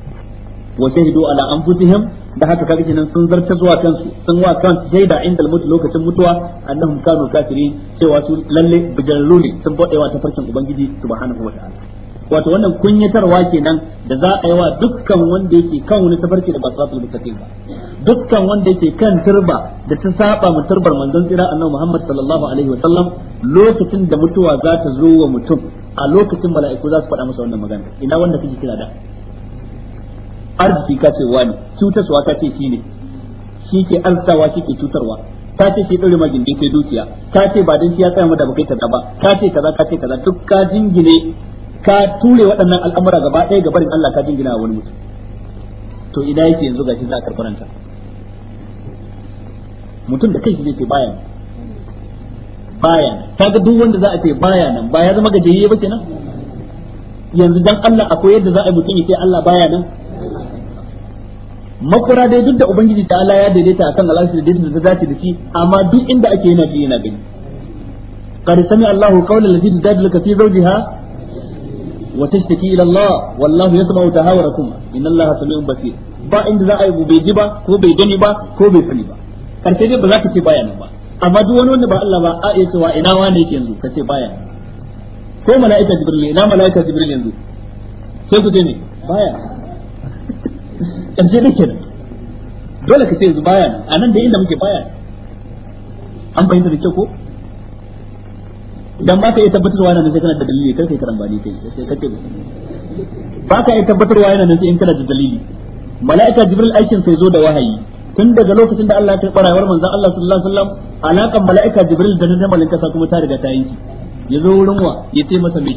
wa shahidu ala anfusihim da haka kaga kenan sun zartar zuwa kansu sun wa kansu shaida inda mutu lokacin mutuwa annahum kanu kafirin cewa su lalle bijarru ne sun bodewa ta farkin ubangiji subhanahu wataala wato wannan kunyatarwa kenan da za a yi wa dukkan wanda yake kan wani tafarki da ba siratul mustaqim ba dukkan wanda yake kan turba da ta saba mu turbar manzon tsira annabi Muhammad sallallahu alaihi wa sallam lokacin da mutuwa za ta zo wa mutum a lokacin mala'iku za su faɗa masa wannan magana ina wanda kake kira da arziki ka ce wani cutarwa ka ce shi ne shi ke arzawa shi ke cutarwa ka ce shi ɗaure magin ke dukiya ka ce ba dan shi ya tsaya mu da bakai ta ba ka ce kaza ka ce kaza duk ka jingine ka ture waɗannan al'amura gaba ɗaya gabarin Allah ka jingina wani mutum to ina yake yanzu gashi za a karɓaranta mutum da kai shi zai ce baya baya kaga duk wanda za a ce baya nan ba ya zama gajiyayye ba kenan yanzu dan Allah akwai yadda za a yi mutum ya ce Allah baya nan makura dai duk da ubangiji ta Allah ya daidaita akan al'arshi da daidaita da zati da shi amma duk inda ake yana ji yana gani qad sami Allahu qawla allati tujadiluka fi zawjiha wa tashtaki ila Allah wallahu ya sama hawa tahawurakum inna Allaha sami'un basir ba inda za a yi bai ji ba ko bai gani ba ko bai sani ba karshe dai ba za ka ce baya nan ba amma duk wani wanda ba Allah ba a iya cewa ina wane yake yanzu ka ce baya ko mala'ika jibril ina mala'ika jibril yanzu sai ku ce ne baya karshe da ke dole ka ce yanzu baya nan a nan da inda muke baya an fahimta da kyau ko dan ba ka iya tabbatarwa nan sai kana da dalili kai kai karambani kai sai kace ba ka iya tabbatarwa nan sai in kana da dalili mala'ika jibril aikin sai zo da wahayi tun daga lokacin da Allah ya karɓa rayuwar manzon Allah sallallahu alaihi wasallam alaƙar mala'ika jibril da na malin kasa kuma ta riga ta yanki ya zo wurin wa ya ce masa me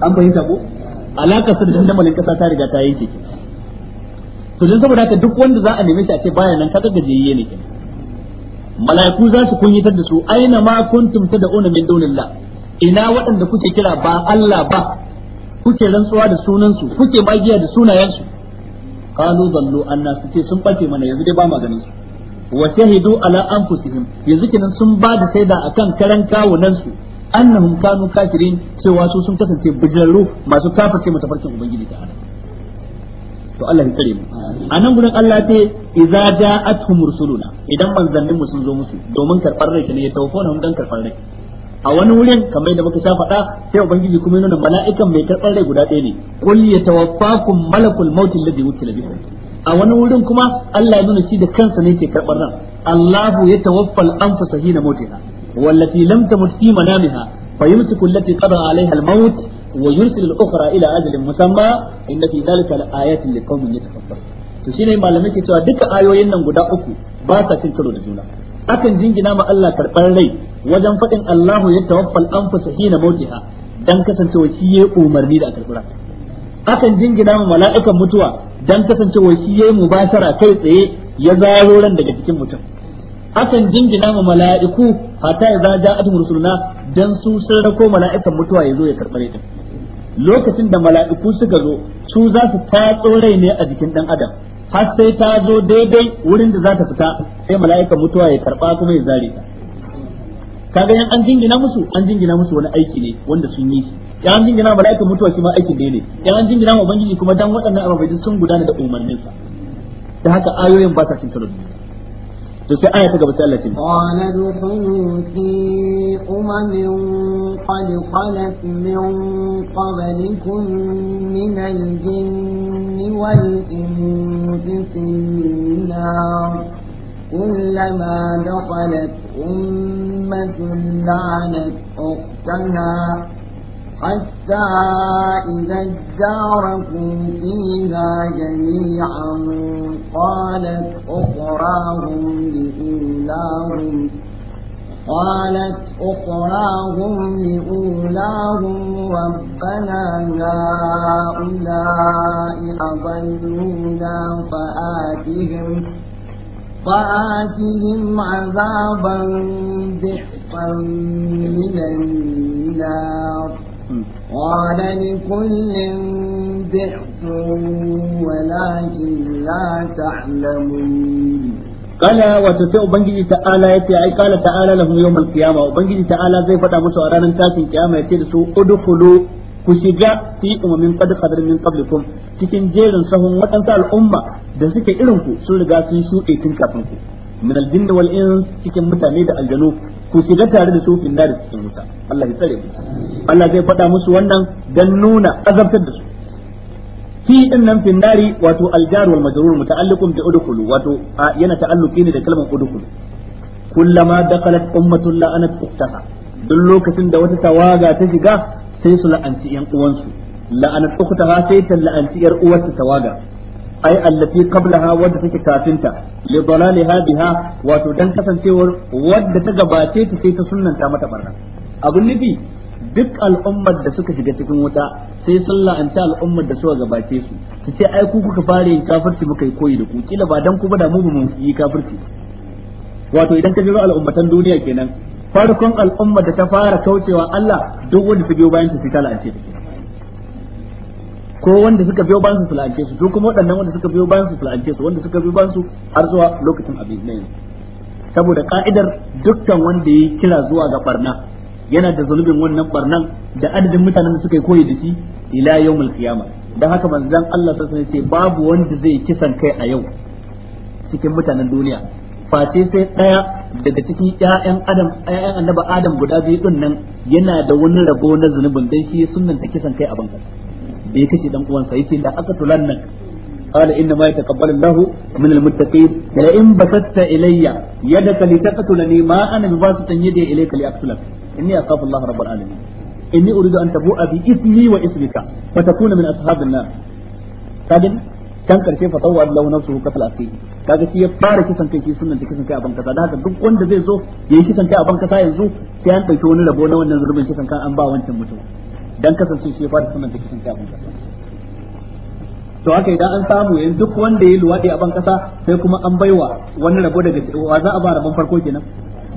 an fahimta ko alaka su da dandamalin kasa ta riga ta yanke to dan saboda haka duk wanda za a neme shi a ce baya nan kaga gajiyayye ne kenan mala'iku za su kunyatar da su aina ma kuntum onamin min dunillah ina waɗanda kuke kira ba Allah ba kuke rantsuwa da sunan su kuke magiya da sunayen su qalu dallu anna su ce sun bace mana yanzu dai ba maganin su wa shahidu ala anfusihim yanzu kenan sun ba da shaida akan karan kawunan su annahum kanu kafirin cewa su sun kasance bijarru masu kafirce matafarkin ubangiji ta ala to Allah ya tsare mu anan gurin Allah ta idza ja'atuhum rusuluna idan manzannin mu sun zo musu domin karbar rai ne ya tawo na dan karbar rai a wani wurin kamar da muka sha faɗa sai ubangiji kuma yana mala'ikan mai karbar rai guda ɗaya ne qul yatawaffakum malakul maut alladhi wukila bihi a wani wurin kuma Allah ya nuna shi da kansa ne ke karbar ran Allahu yatawaffal anfusa hina mautiha wallati lam tamut fi manamiha fayumsiku allati alaihal alaiha al-maut wa yursilu al-ukhra ila ajalin musamma inna fi dhalika to shine malamai ke cewa duka ayoyin nan guda uku ba sa cin karo da juna akan jingina ma Allah karɓar rai wajen faɗin Allahu ya tawaffal anfusa hina mautiha dan kasancewa shi yayi umarni da karɓar akan jingina ma mala'ikan mutuwa dan kasancewa shi yayi mubashara kai tsaye ya zaro ran daga cikin mutum akan jingina ma mala'iku hatta idza ja'atuhum rusuluna dan su sun rako mala'ikan mutuwa yazo ya karɓare ta lokacin da mala'iku suka zo su za su tatso rai ne a jikin dan adam har sai ta zo daidai wurin da za ta fita sai mala'ikan mutuwa ya karba kuma ya zare ta kaga yan an jingina musu an jingina musu wani aiki ne wanda sun yi shi yan an jingina mala'ikan mutuwa shi ma aikin ne ne yan an jingina ma ubangiji kuma dan waɗannan ababai sun gudana da umarninsa da haka ayoyin ba sa cin karo to sai aya ta gaba sai Allah ce qala dukhulu fi umamin qad khalat min qablikum min al-jinni wal insi fi كلما دخلت أمة لعنت أختها حتى إذا اداركوا فيها جميعا قالت أخراهم لأولاهم قالت أخراهم لأولاهم ربنا هؤلاء أضلونا فآتهم فآتهم عذابا ضحكا من النار قال لكل ضعف ولكن لا تعلمون قال وتسع بنجي تعالى يتي أي قال تعالى لهم يوم القيامة وبنجي تعالى زي فتا مسوى رانا تاسي القيامة يتي لسو ادخلوا كشجا في أمم قد خدر من قبلكم cikin jerin sahun waɗansu al'umma da suke irinku sun riga sun shuɗe tun kafin ku min aljinni wal ins cikin mutane da aljanu ku shiga tare da su finna da cikin wuta Allah ya tsare Allah zai faɗa musu wannan dan nuna azabtar da su fi din nan finnari wato aljar wal majrur muta'alliqun bi udkhulu wato yana ta'alluqi ne da kalmar udkhulu kullama dakalat ummatun la'anat Uktaha duk lokacin da wata tawaga ta shiga sai su la'anci yan uwansu la'anat Uktaha sai ta la'anci yar uwarta tawaga ai allati qablaha wadda take kafinta li dalaliha biha wato dan kasancewar wadda ta gabace ta sai ta sunnanta mata barna abun nufi duk al'ummar da suka shiga cikin wuta sai sun la'anci al'ummar da suka gabace su su ce ai ku kuka fara yin kafirci muka yi koyi da ku kila ba dan ku ba da mu mu yi kafirci wato idan ka jiro al'ummatan duniya kenan farkon al'ummar da ta fara kaucewa Allah duk wanda ta biyo bayan ta sai ta la'ance ta ko wanda suka biyo bayan su fulance su to kuma waɗannan wanda suka biyo bayan su fulance su wanda suka biyo bayan har zuwa lokacin abin nan saboda ka'idar dukkan wanda ya kira zuwa ga barna yana da zunubin wannan barnan da adadin mutanen da suka yi koyi da shi ila yawmul qiyama dan haka manzon Allah sai sai babu wanda zai kisan kai a yau cikin mutanen duniya face sai daya daga cikin ƴaƴan adam ƴaƴan annabi adam guda biyu din nan yana da wani rabo na zunubin dan shi sunnanta kisan kai a bankasa da eh, ya kashe dan uwansa yace la aqtulannak قال انما يتقبل الله من المتقين لئن بسطت الي يدك لتقتلني ما انا بباسط يدي اليك لاقتلك اني اخاف الله رب العالمين اني اريد ان تبوء باسمي واسمك فتكون من اصحاب النار كاجن kan karshe fa tawwa Allah nafsuhu qatl akhi kaga shi ya fara kisan kai shi sunan kisan kai a banka da haka duk wanda zai zo yayi kisan kai a banka sa yanzu sai an dauki wani rabo na wannan zurbin kisan kai an ba wancan mutum dan kasance shi ya da sunan take sun kafin to haka idan an samu yanzu duk wanda ya luwaɗi a ban kasa sai kuma an baiwa wani rabo daga wa za a ba rabon farko kenan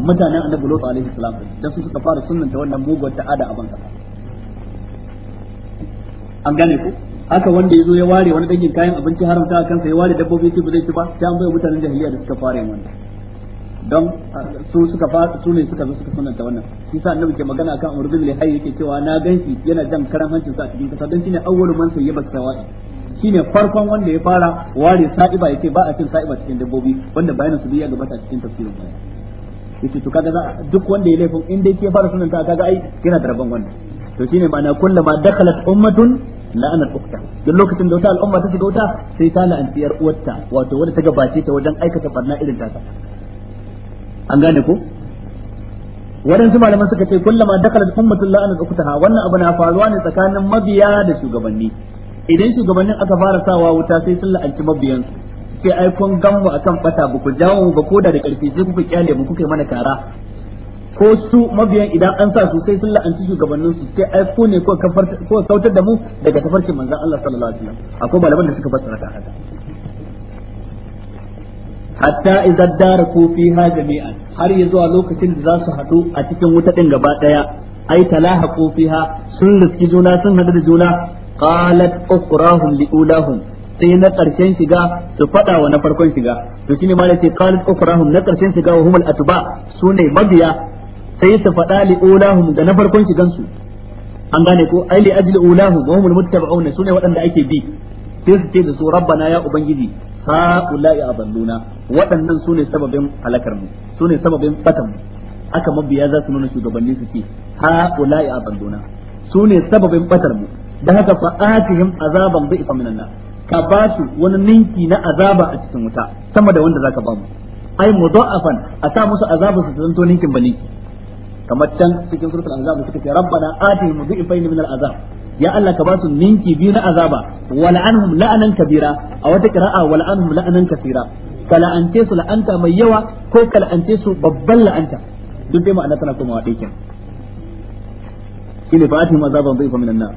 mutanen annabi lutu alaihi salam da su suka fara ta wannan mugun ta'ada a ban kasa an gane ku haka wanda ya ya ware wani dangin kayan abinci haramta a kansa ya ware dabbobi ci ba zai ci ba sai an baiwa mutanen jahiliya da suka fara yin wannan don ah, su suka fa su ne suka zo suka sunanta wannan shi sa annabi ke magana akan Umar bin Lihai yake cewa na ganshi yana jan karan hancin sa a cikin kasa don shine awwalu man sayyaba sawa'i shine farkon wanda ya fara ware sa'iba yake ba a cin sa'iba cikin dabbobi wanda bayanin su ya gabata cikin tafsirin baya yace to kaga duk wanda ya laifin in dai ke fara sunanta kaga ai yana da rabon wannan to shine ma'ana kullama dakhalat ummatun la'anar ukta duk lokacin da wata al'umma ta shiga wuta sai ta la'anci yar uwarta wato wanda ta gabace ta wajen aikata barna irin ta an gane ko waɗansu malaman suka ce kullama dakalat ummatul la'anat uktaha wannan abu na faruwa ne tsakanin mabiya da shugabanni idan shugabannin aka fara sawa wuta sai sun la'anci mabiyansu sai ai kun gamu akan bata ba ku jawo ba ko da karfi sai kuka kyale mu kuka yi mana kara ko su mabiyan idan an sa su sai sun la'anci shugabannin su sai ai ku ne ko kautar da mu daga tafarkin manzon Allah sallallahu alaihi wasallam akwai malaman da suka fassara ta haka hatta idza daraku fiha jami'an har ya zuwa lokacin da za su haɗu a cikin wuta ɗin gaba ɗaya ai talaha talahaqu ha sun riski juna sun hadu da juna qalat ukrahum liulahum sai na ƙarshen shiga su fada wa na farkon shiga to shine ma ce qalat ukrahum na ƙarshen shiga wa humul atba sune mabiya sai su faɗa liulahum da na farkon shigan su an gane ko ai li ajli ulahum wa humul muttabauna sune waɗanda ake bi sai su ce da su rabbana ya ubangiji haula'i adalluna waɗannan sune sababin halakar mu sune sababin batan mu aka mabiya za su nuna shugabanni su ce haula'i adalluna sune sababin batar mu dan haka fa atihim azaban bi'fa minan na ka ba su wani ninki na azaba a cikin wuta sama da wanda zaka ba mu ai mudha'afan a sa musu azabu su zanto ninkin ba ninki kamar can cikin suratul anzab suka ce rabbana atihim dhi'fayn min al-azab ya Allah ka ba su ninki biyu na azaba wala anhum la'anan kabira a wata qira'a wala anhum la'anan kasira kala'ance su la'anta mai yawa ko kala'ance su babban la'anta duk dai ma'ana tana komawa dai kin shine fa'atihim azaban dhaifa minan nar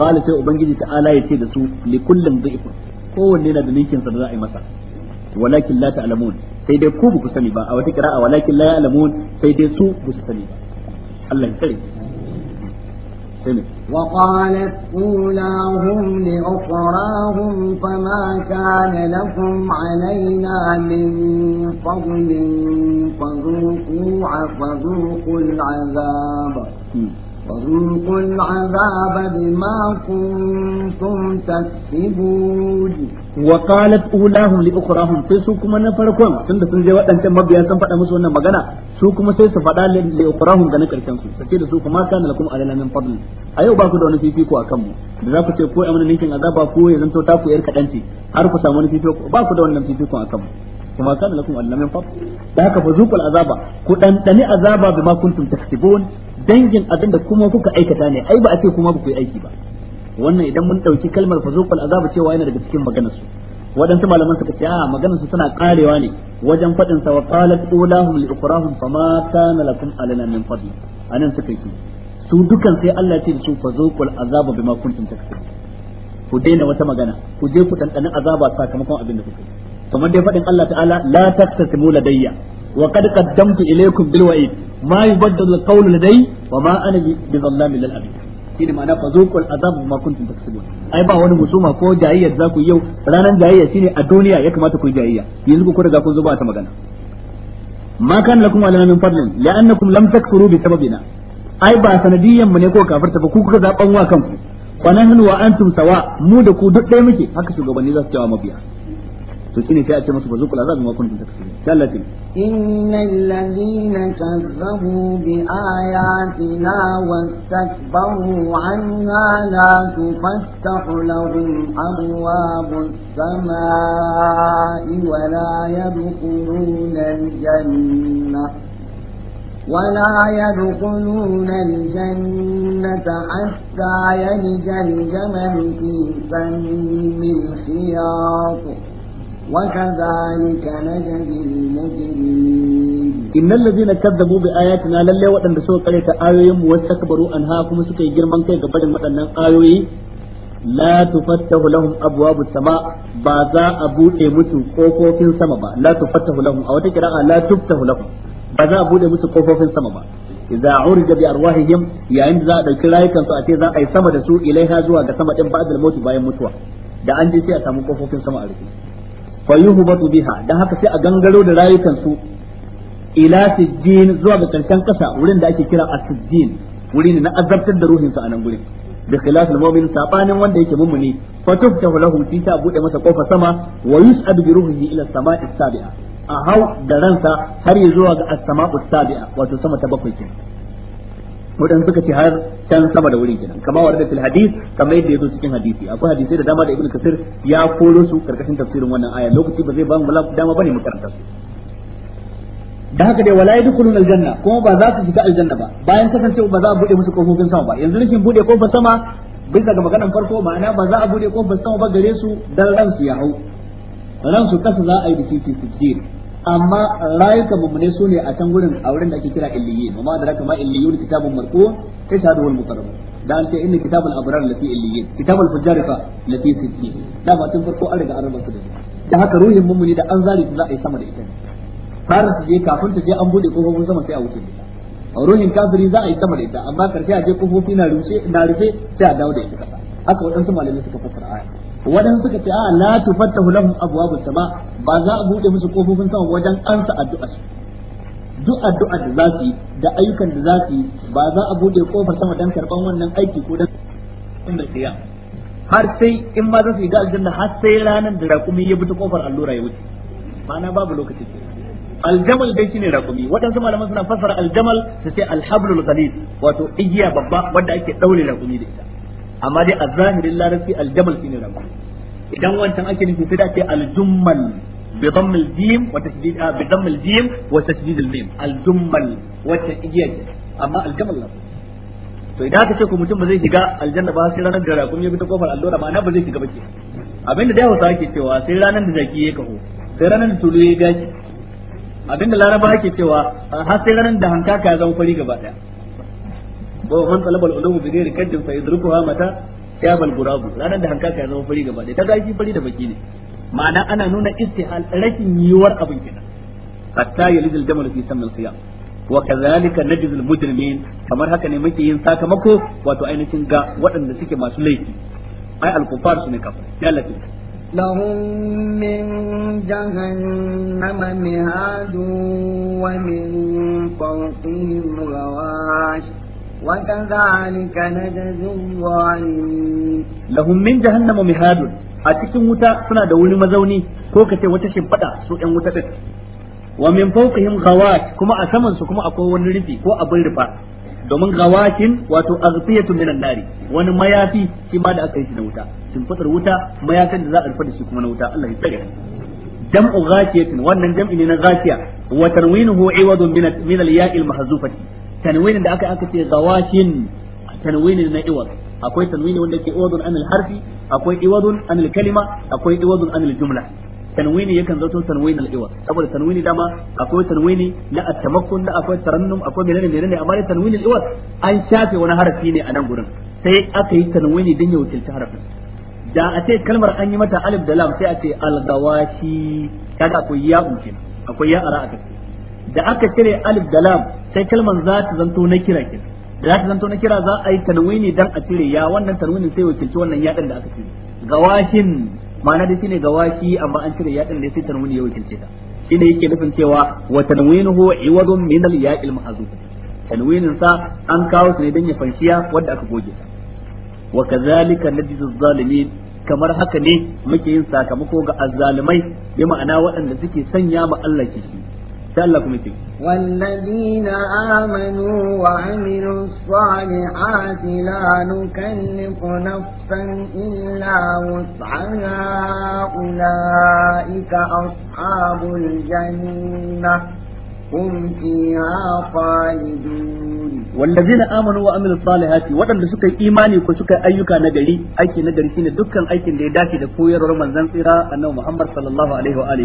qala sai ubangiji ta'ala ya ce da su li kullin dhaifa kowanne na da ninkin sa da za a yi masa walakin la ta'lamun sai dai ku ba ku sani ba a wata qira'a walakin la ya'lamun sai dai su ba su sani ba Allah ya kare وقالت أولاهم لأخراهم فما كان لكم علينا من فضل فذوقوا فذوقوا العذاب وذوقوا العذاب بما كنتم تكسبون وقالت أولاهم لأخراهم سيسوكم أنا فرقون تند سنجي وقت أنت مبيا سنفت أمس وأنا مغانا سوكم سيسو فدا لأخراهم غنك الشمس سكيد سوكم ما كان لكم علينا من فضل أيو باكو دون في فيكو أكمو لذلك سيكو أمنا نيكين عذابا كو يزنتو تاكو إيركا أنت أركو سامون في فيكو باكو دون في فيكو أكمو kuma kana lakum allamin fad da haka fa zuqul azaba ku dan dani azaba bima kuntum taksibun dangin abin da kuma kuka aikata ne ai ba a ce kuma ba ku yi aiki ba wannan idan mun dauki kalmar fazuqul azab cewa yana daga cikin maganar su wadansu malaman suka ce a maganar su tana karewa ne wajen faɗin sa wa qalat ulahum li ukrahum fama kana lakum alana min anan suka yi su dukan sai Allah ya ce su fazuqul azab bima kuntum ku daina wata magana ku je ku dandana azaba sakamakon abin da kuka yi kamar dai faɗin Allah ta'ala la taktasimu ladayya wa qad qaddamtu ilaykum bil wa'id ma yubaddalu al-qawlu ladai wa ma ana bi zallamin lil abid shine ma'ana fa zuqul azab ma kuntum taksibun ai ba wani musuma ko jayayya za ku yau ranan jayayya ne a duniya ya kamata ku jayayya yanzu ku riga kun zuba ta magana ma kan lakum alana min fadlin la'annakum lam takfuru bi sababina ai ba sanadiyyan mu ne ko kafirta ba ku kuka zaban wa ku. wa nahnu wa antum mu da ku duk ɗaya muke haka shugabanni za su cewa to shine sai a ce musu bazuqul azab ma kuntum takfurun sallati innal ladina kazzabu bi ayatina wastakbaru anha la tuftahu lahum abwabus samaa'i wa la yadkhuluna al-jannah ولا يدخلون الجنة حتى يلج الجمل في سم الخياط Inna lalzi na kar da bu bi a ya tuna lallai waɗanda suka kare ta ayoyin mu wasu takabar an haka kuma suka yi girman kai ga barin waɗannan ayoyi. La tufata hulahun abuwa bu sama ba za a buɗe musu ƙofofin sama ba. La tufata hulahun a wata kira a la tufata hulahun ba za a buɗe musu ƙofofin sama ba. Za a wuri da yayin da za a ɗauki rayukan su a ce za a yi sama da su ilai ha zuwa ga sama ɗin ba a bayan mutuwa. Da an je sai a samu ƙofofin sama a rufe. fa yuhbatu biha dan haka sai a gangaro da rayukan su ila sijjin zuwa ga karshen kasa wurin da ake kira as wuri ne na azabtar da ruhin su a nan gurin bi khilaf mumin sabanin wanda yake mummuni fa tuftahu lahu fi ta bude masa kofa sama wa yus'ad bi ruhihi ila samai as-sabi'a a hau da ransa har ya zuwa ga as-sama'u as-sabi'a wato sama ta bakwai kenan wadan suka ce har can sama da wurin kenan kamar warda fil hadith kamar yadda yazo cikin hadisi akwai hadisi da dama da ibnu kasir ya koro su karkashin tafsirin wannan aya lokaci ba zai ba mu dama bane mu karanta su da haka dai wala yadkhuluna aljanna kuma ba za su shiga aljanna ba bayan kasancewa ba za a bude musu kofofin sama ba yanzu rashin bude kofar sama bisa ga maganar farko ma'ana ba za a bude kofar sama ba gare su dan ransu ya hau ransu kasa za a yi da shi amma rayukan mummune su ne a can gurin a wurin da ake kira illiyin amma da raka ma illiyun kitabun marko ta shahadu wani mukarram da an ce inna kitabul abrar lafi illiyi kitabul fujjar fa lafi sijji da ba tun farko an riga an rubuta da haka ruhin mummune da an zare ta za a yi sama da ita ne. fara ta je kafin ta je an bude kofofin sama sai a wuce ruhin kafiri za a yi sama da ita amma karshe a je kofofi na rufe na rufe sai a dawo da ita kasa haka waɗansu malamai suka fassara aya wadan suka ce a la tufattahu lahum abwabus sama ba za a bude musu kofofin sama wajen ansa addu'a duk addu'a da za su da ayyukan da za su yi ba za a bude kofar sama dan karban wannan aiki ko dan da tsiya har sai in ma za su yi aljanna har sai ranar da rakumi ya bi ta kofar allura ya wuce ma'ana babu lokaci aljamal dai shine rakumi waɗansu malaman suna fassara aljamal su ce alhablul ghalid wato igiya babba wadda ake ɗaure rakumi da ita amma dai a zahirin larabci aljamal shine rago idan wancan ake nufi sai da ce aljummal bi dhamm aljim wa tashdid ah, bi dhamm aljim wa tashdid almim aljummal wacce igiyar amma aljamal la to idan aka ce ku mutum ba zai shiga aljanna ba sai ranar da rakum ya bi ta kofar allura ma'ana ba zai shiga ba ke abinda da hausa ake cewa sai ranar da zaki ya kaho sai ranar da tulu ya gaji abinda laraba ke cewa har sai ranar da hankaka ka zama fari gaba daya wa man talaba al-ulum bi ghairi kaddin fa yadrukuha mata yabal gurabu ranar da hankaka ya zama fari gaba ɗaya ta gashi fari da baki ne ma'ana ana nuna istihal rashin yiwuwar abin kenan hatta yalid al-jamal fi samm al-qiyam wa kadhalika najzi al-mujrimin kamar haka ne muke yin sakamako wato ainihin ga waɗanda suke masu laifi ai al kufar su ne kafir ya لهم من جهنم مهاد ومن فوقهم غواش وكذلك نجزي الظالمين لهم من جهنم مهاد a cikin wuta suna da wuri mazauni ko ka ce wata shimfada su ƴan wuta ɗin wa min fawqihim ghawat kuma a saman su kuma akwai wani rufi ko abin rufa domin gawakin wato azfiyatu minan nari wani mayafi shi ma da aka yi shi na wuta shimfiɗar wuta mayafin da za a rufa da shi kuma na wuta Allah ya tsare jam'u ghakiyatin wannan jam'i ne na ghakiya wa tanwinuhu iwadun min al-ya'il mahzufati tanwinin da aka aka ce gawashin tanwinin na iwad akwai tanwini wanda ke iwadun anil harfi akwai iwadun anil kalima akwai iwadun anil jumla tanwini yakan zato tanwini al iwad saboda tanwini dama akwai tanwini na at-tamakkun da akwai tarannum akwai menene menene amma da tanwini al iwad an shafe wani harafi ne a nan gurin sai aka yi tanwini din ya wakilta harafin da a ce kalmar an yi mata alif da lam sai a ce al-gawashi kaga akwai ya'un kenan akwai ya'ara a kai da aka cire alif da lam sai kalman za ta zanto na kira kin da ta zanto na kira za a yi tanwini dan a cire ya wannan tanwinin sai wakilci wannan ya da aka cire gawashin ma'ana da shine gawashi amma an cire ya da sai tanwini ya wakilce ta shine yake nufin cewa wa tanwinuhu iwadun min al ya'il mahzuf tanwinin sa an kawo su ne dan ya fanshiya wanda aka goge ta wa kadhalika najzu zalimin kamar haka ne muke yin sakamako ga azzalimai bi ma'ana waɗanda suke sanya ma Allah kishi Allah kuma ce. Wallazina amanu wa amiru swani ati la nukallifu nafsan illa wus'aha ulaika ashabul janna hum fiha khalidun. Wallazina amanu wa amiru salihati waɗanda suka yi imani ko suka yi ayyuka na gari aiki na gari shine dukkan aikin da ya dace da koyarwar manzon tsira annabi Muhammad sallallahu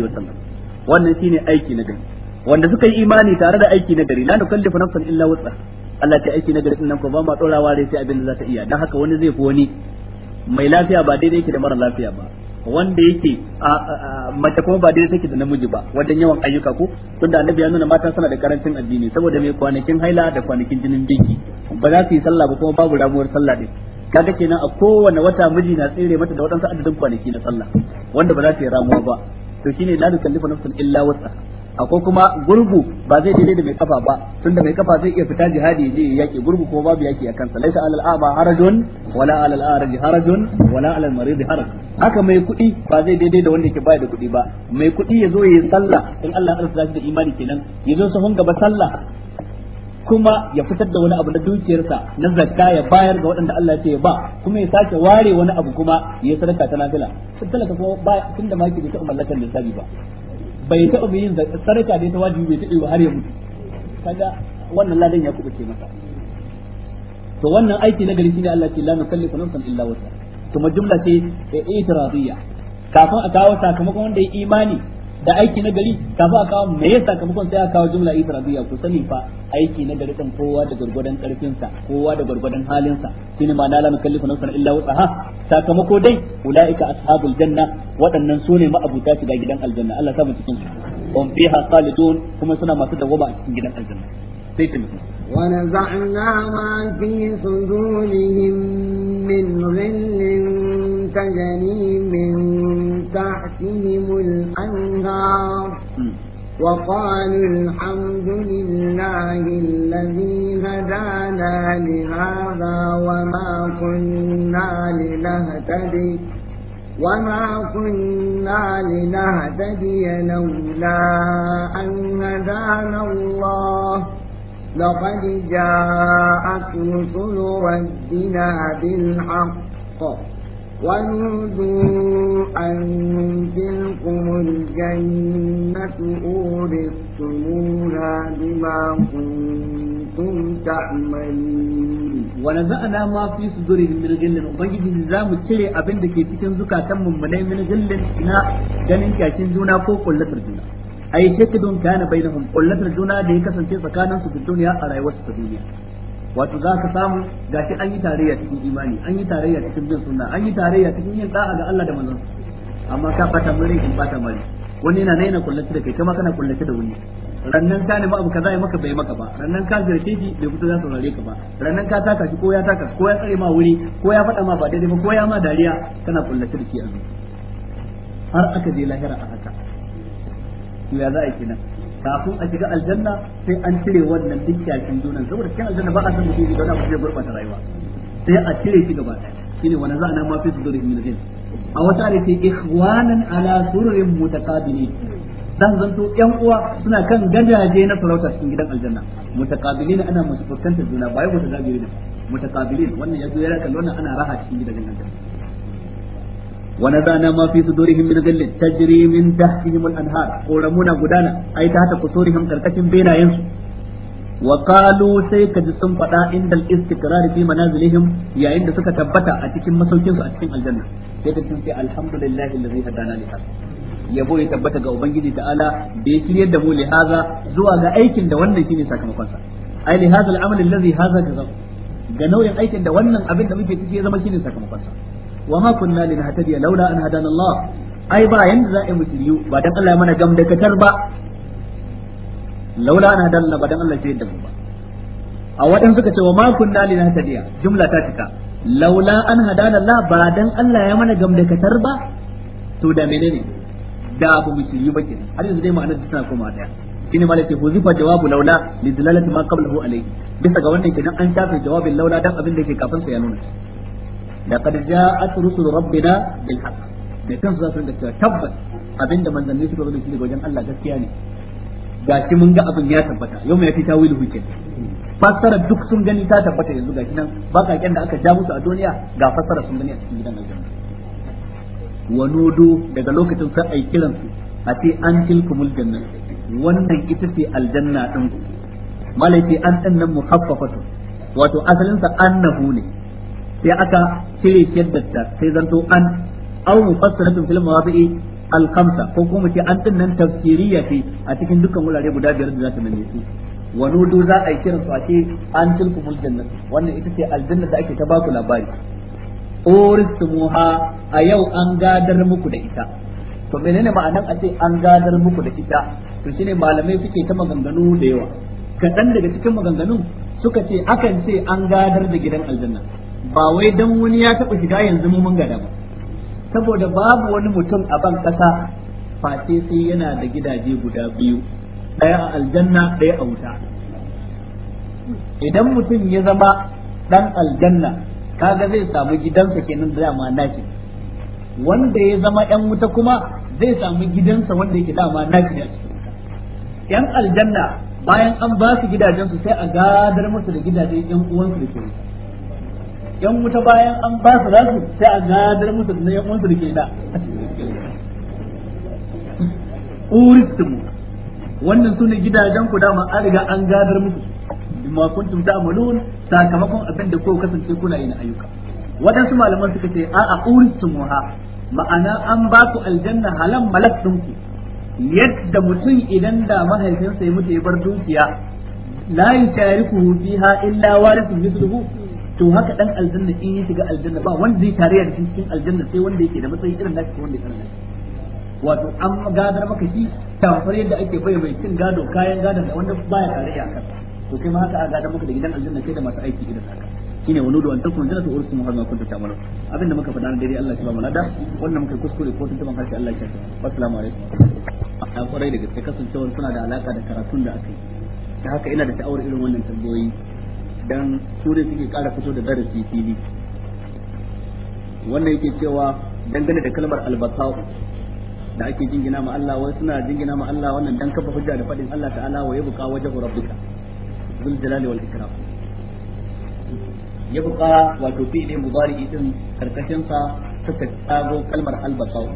Wannan shine aiki na gari. wanda suka yi imani tare da aiki na gari la nukallifu nafsan illa wutsa Allah ta aiki na gari din nan ko ba ma tsorawa rai sai abin da za ta iya dan haka wani zai fi wani mai lafiya ba daidai yake da mara lafiya ba wanda yake mace kuma ba daidai take da namiji ba wajen yawan ayyuka ko tunda annabi ya nuna mata suna da karancin addini saboda mai kwanakin haila da kwanakin jinin biki ba za su yi sallah ba kuma babu ramuwar sallah din kaga kenan a kowane wata miji na tsere mata da waɗansu adadin kwanaki na sallah wanda ba za su yi ramuwa ba to shine la nukallifu nafsan illa wasa akwai kuma gurgu ba zai daidai da mai kafa ba tunda mai kafa zai iya fita jihadi je yaki gurgu ko babu yaki a kansa laisa alal a'ma harajun wala alal araj harajun wala alal marid haraj haka mai kuɗi ba zai daidai da wanda ke bai da kuɗi ba mai kuɗi ya zo yayi sallah in Allah ya shi da imani kenan ya zo sahun gaba sallah kuma ya fitar da wani abu na dukiyarsa na zakka ya bayar ga waɗanda Allah ya ba kuma ya sake ware wani abu kuma ya sadaka ta nafila talaka kuma ba tunda ma ke da ta ummallatan lissafi ba bai taɓa yin sarka da ta wajibi bai taɓa har ya mutu kaga wannan ladan ya kuɓuce masa to wannan aiki na gari shine Allah ke la nukallifu nafsan illa wusa kuma jumla ce eh, itiradiyya kafin a kawo sakamakon wanda ya imani da aiki na gari fi a kawo me ya sakamakon sai a kawo jumla ifradiyya ku sani fa aiki na gari kan kowa da gurgurdan karfinsa kowa da gurgurdan halinsa shine ma la nukallifu nafsan illa wusaha sakamako dai ulaika ashabul janna waɗannan su ne ma'abuta shiga gidan aljanna Allah ta mu cikin su hum fiha khalidun kuma suna masu dawwama a cikin gidan aljanna sai ta mutum ونزعنا ما في صدورهم من غل تجري من تحتهم الأنهار وقالوا الحمد لله الذي هدانا لهذا وما كنا لنهتدي وما كنا لنهتدي لولا أن هدانا الله لقد جاءت رسل ربنا بالحق ونودوا أن تلكم الجنة أورثتموها بما كنتم تعملون ونزعنا ما في صدورهم من غل وبنجي زامو تشري أبن دكي cikin zukatan mummunai min gillin na ganin kyashin juna ko kullatar juna ai shakidun kana bainahum kullatar juna da ya kasance tsakanin su duniya a rayuwar ta duniya wato za ka samu gashi an yi tarayya cikin imani an yi tarayya cikin bin sunna an yi tarayya cikin yin da'a ga Allah da manzon amma ka bata mure in fata mare wani yana naina kullace da kai kuma kana kullace da wani rannan ka ne abu kaza ya maka bai maka ba rannan ka zarce shi bai fito su rare ka ba rannan ka taka shi ko ya taka ko ya tsare ma wuri ko ya faɗa ma ba daidai ba ko ya ma dariya kana kullace da shi a har aka je lahira a haka ya za a yi kenan kafin a shiga aljanna sai an cire wannan duk yakin dunan saboda cikin aljanna ba a san mutum ba na mutum ya gurbata rayuwa sai a cire shi gaba ɗaya shine wani za'ana ma fi sudurihim min ghil a wata ne ce ikhwanan ala sururin mutakabili dan zanto yan uwa suna kan gadaje na sarauta cikin gidan aljanna mutakabilin ana musu fuskantar juna bayan mutakabilin mutakabilin wannan yazo ya raka wannan ana raha cikin gidan aljanna ونزعنا ما في صدورهم من غل تجري من تحتهم الانهار قرمونا غدانا اي تحت قصورهم كركشن بين ينسو وقالوا سيكد سن فدا عند الاستقرار في منازلهم يا عند suka tabbata a cikin masaukin a cikin aljanna sai da sun ce yabo ya tabbata ga ubangiji Ala, da ya shiryar da mu li haza zuwa ga aikin da wannan shine sakamakon sa ai li hadha al-amal allazi hadha ga nau'in aikin da wannan abin da muke ciki ya zama shine sakamakon sa wa ma kunna linahtadiya laula an hadana Allah ai ba yanda za a yi mu kiriyu ba dan Allah ya mana gamdakatar ba laula an hadana ba dan Allah sai da mu ba a wadan suka ce wa ma kunna linahtadiya jumla ta cika laula an hadana Allah ba dan Allah ya mana gamdakatar ba to da menene da abu mu kiriyu ba kenan har yanzu dai ma'anar tana koma daya shine ma lace huzifa jawabu laula li dalalati ma qablahu alayhi bisa ga wannan kenan an shafe jawabin laula dan abin da ke kafin sa ya nuna laqad ja'at rusul rabbina bil haqq da kansu za su rinka cewa tabbas abinda manzanni suka zo da shi daga wajen Allah gaskiya ne gashi mun ga abin ya tabbata yau mai yafi tawilu hukin fassara duk sun gani ta tabbata yanzu gashi nan bakaken da aka ja musu a duniya ga fassara sun gani a cikin gidan aljanna wa nudu daga lokacin sa ai a ce an tilkumul jannah wannan ita ce aljanna din ku malaki an dannan muhaffafatu wato asalin sa annahu ne sai aka cire yadda ta sai zanto an aw mufassiratun fil mawadi'i al khamsa ko kuma ce an dinnan tafsiriya ce a cikin dukkan wurare guda biyar da za ta nane su wa za a yi kiran su a ce an mul jannat wannan ita ce aljanna da ake ta baku labari uristumuha a yau an gadar muku da ita to menene ma'anan a ce an gadar muku da ita to shine malamai suke ta maganganu da yawa kaɗan daga cikin maganganun suka ce akan ce an gadar da gidan aljanna ba wai dan wani ya taɓa shiga yanzu mu mun gada ba saboda babu wani mutum a ban ƙasa face sai yana da gidaje guda biyu ɗaya a aljanna ɗaya a wuta idan mutum ya zama ɗan aljanna kaga zai samu gidansa kenan da dama naki wanda ya zama ɗan wuta kuma zai samu gidansa wanda yake dama naki a cikin ‘yan aljanna bayan an ba su gidajensu sai a gadar musu da gidajen ɗan uwansu da ke wuta yan wuta bayan an ba su za su sai a gadar musu da yan wansu da ke da uristum wannan su ne gidajen ku dama an riga an gadar musu bima kuntum ta'malun sakamakon abin da ko kasance kuna yin ayyuka wadansu malaman suka ce a'a ha, ma'ana an ba su aljanna halan malak ku yadda mutum idan da mahaifinsa ya mutu ya bar dukiya la yushariku fiha illa warithun misluhu to haka dan aljanna in ya shiga aljanna ba wanda zai tarayya da cikin aljanna sai wanda yake da matsayi irin nashi ko wanda ya karanta wato an gadar maka shi tamfar yadda ake bai mai cin gado kayan gado da wanda baya tarayya kan to kai ma haka a gadar maka da gidan aljanna kai da masu aiki gidan haka shine wani da antakun jannatu muhammad kun ta ta'malu abinda muka faɗa na daidai Allah ya ba mu lada wannan muka kuskure ko tuntuban harshe Allah ya kiyaye assalamu alaikum a kwarai da gaske kasancewar suna da alaka da karatun da aka yi ta haka ina da sha'awar irin wannan tambayoyi dan su ne suke ƙara fito da darasi fili wannan yake cewa dangane da kalmar albasau da ake jingina ma Allah wai suna jingina ma Allah wannan dan kafa hujja da fadin Allah ta'ala wa yabqa wajhu rabbika bil jalali wal ikram yabqa wato fi'li mudari din karkashin sa ta tsago kalmar albasau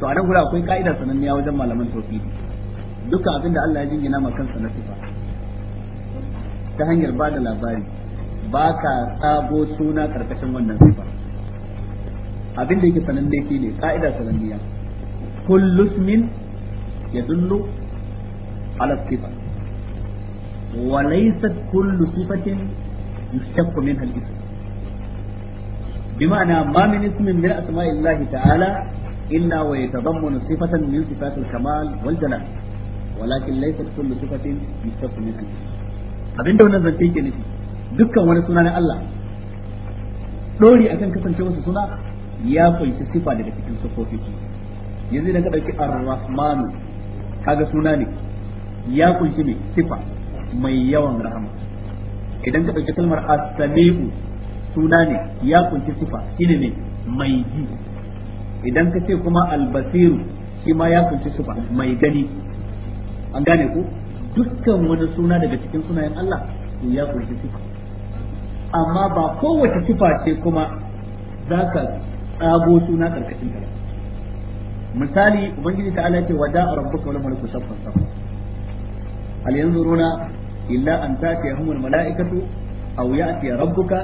to a nan gura akwai ka'ida sananniya wajen malaman tauhidi duka abinda Allah ya jingina ma kansa na sifa ta hanyar ba da labari ba ka tsabo suna karkashin wannan sifa abin da yake sananne shi ne ka'ida sananniya min ya yadullu ala sifa wa laysat kullu sifatin yushaqqu minha al-ism بمعنى ما من اسم من أسماء الله تعالى إلا sifatan min من صفات الكمال والجلال ولكن ليست كل صفة يشتق منها abinda wannan zance yake nufi dukkan wani suna na Allah dori akan kasance wasu suna ya kunshi sifa daga cikin sufofi yanzu idan ka dauki ar rahman kaga suna ne ya kunshi ne sifa mai yawan rahama idan ka dauki kalmar as-sami'u suna ne ya kunshi sifa shine ne mai ji idan ka ce kuma al-basiru shi ma ya kunshi sifa mai gani an gane ku dukkan wani suna daga cikin sunayen Allah ya kunshi sifa amma ba kowace sifa ce kuma za ka tsago suna karkashin ta misali ubangiji ta ala ce wada rabbuka wal malaku saffan saffan hal yanzuruna illa an tatiyahumul malaikatu aw ya'ti rabbuka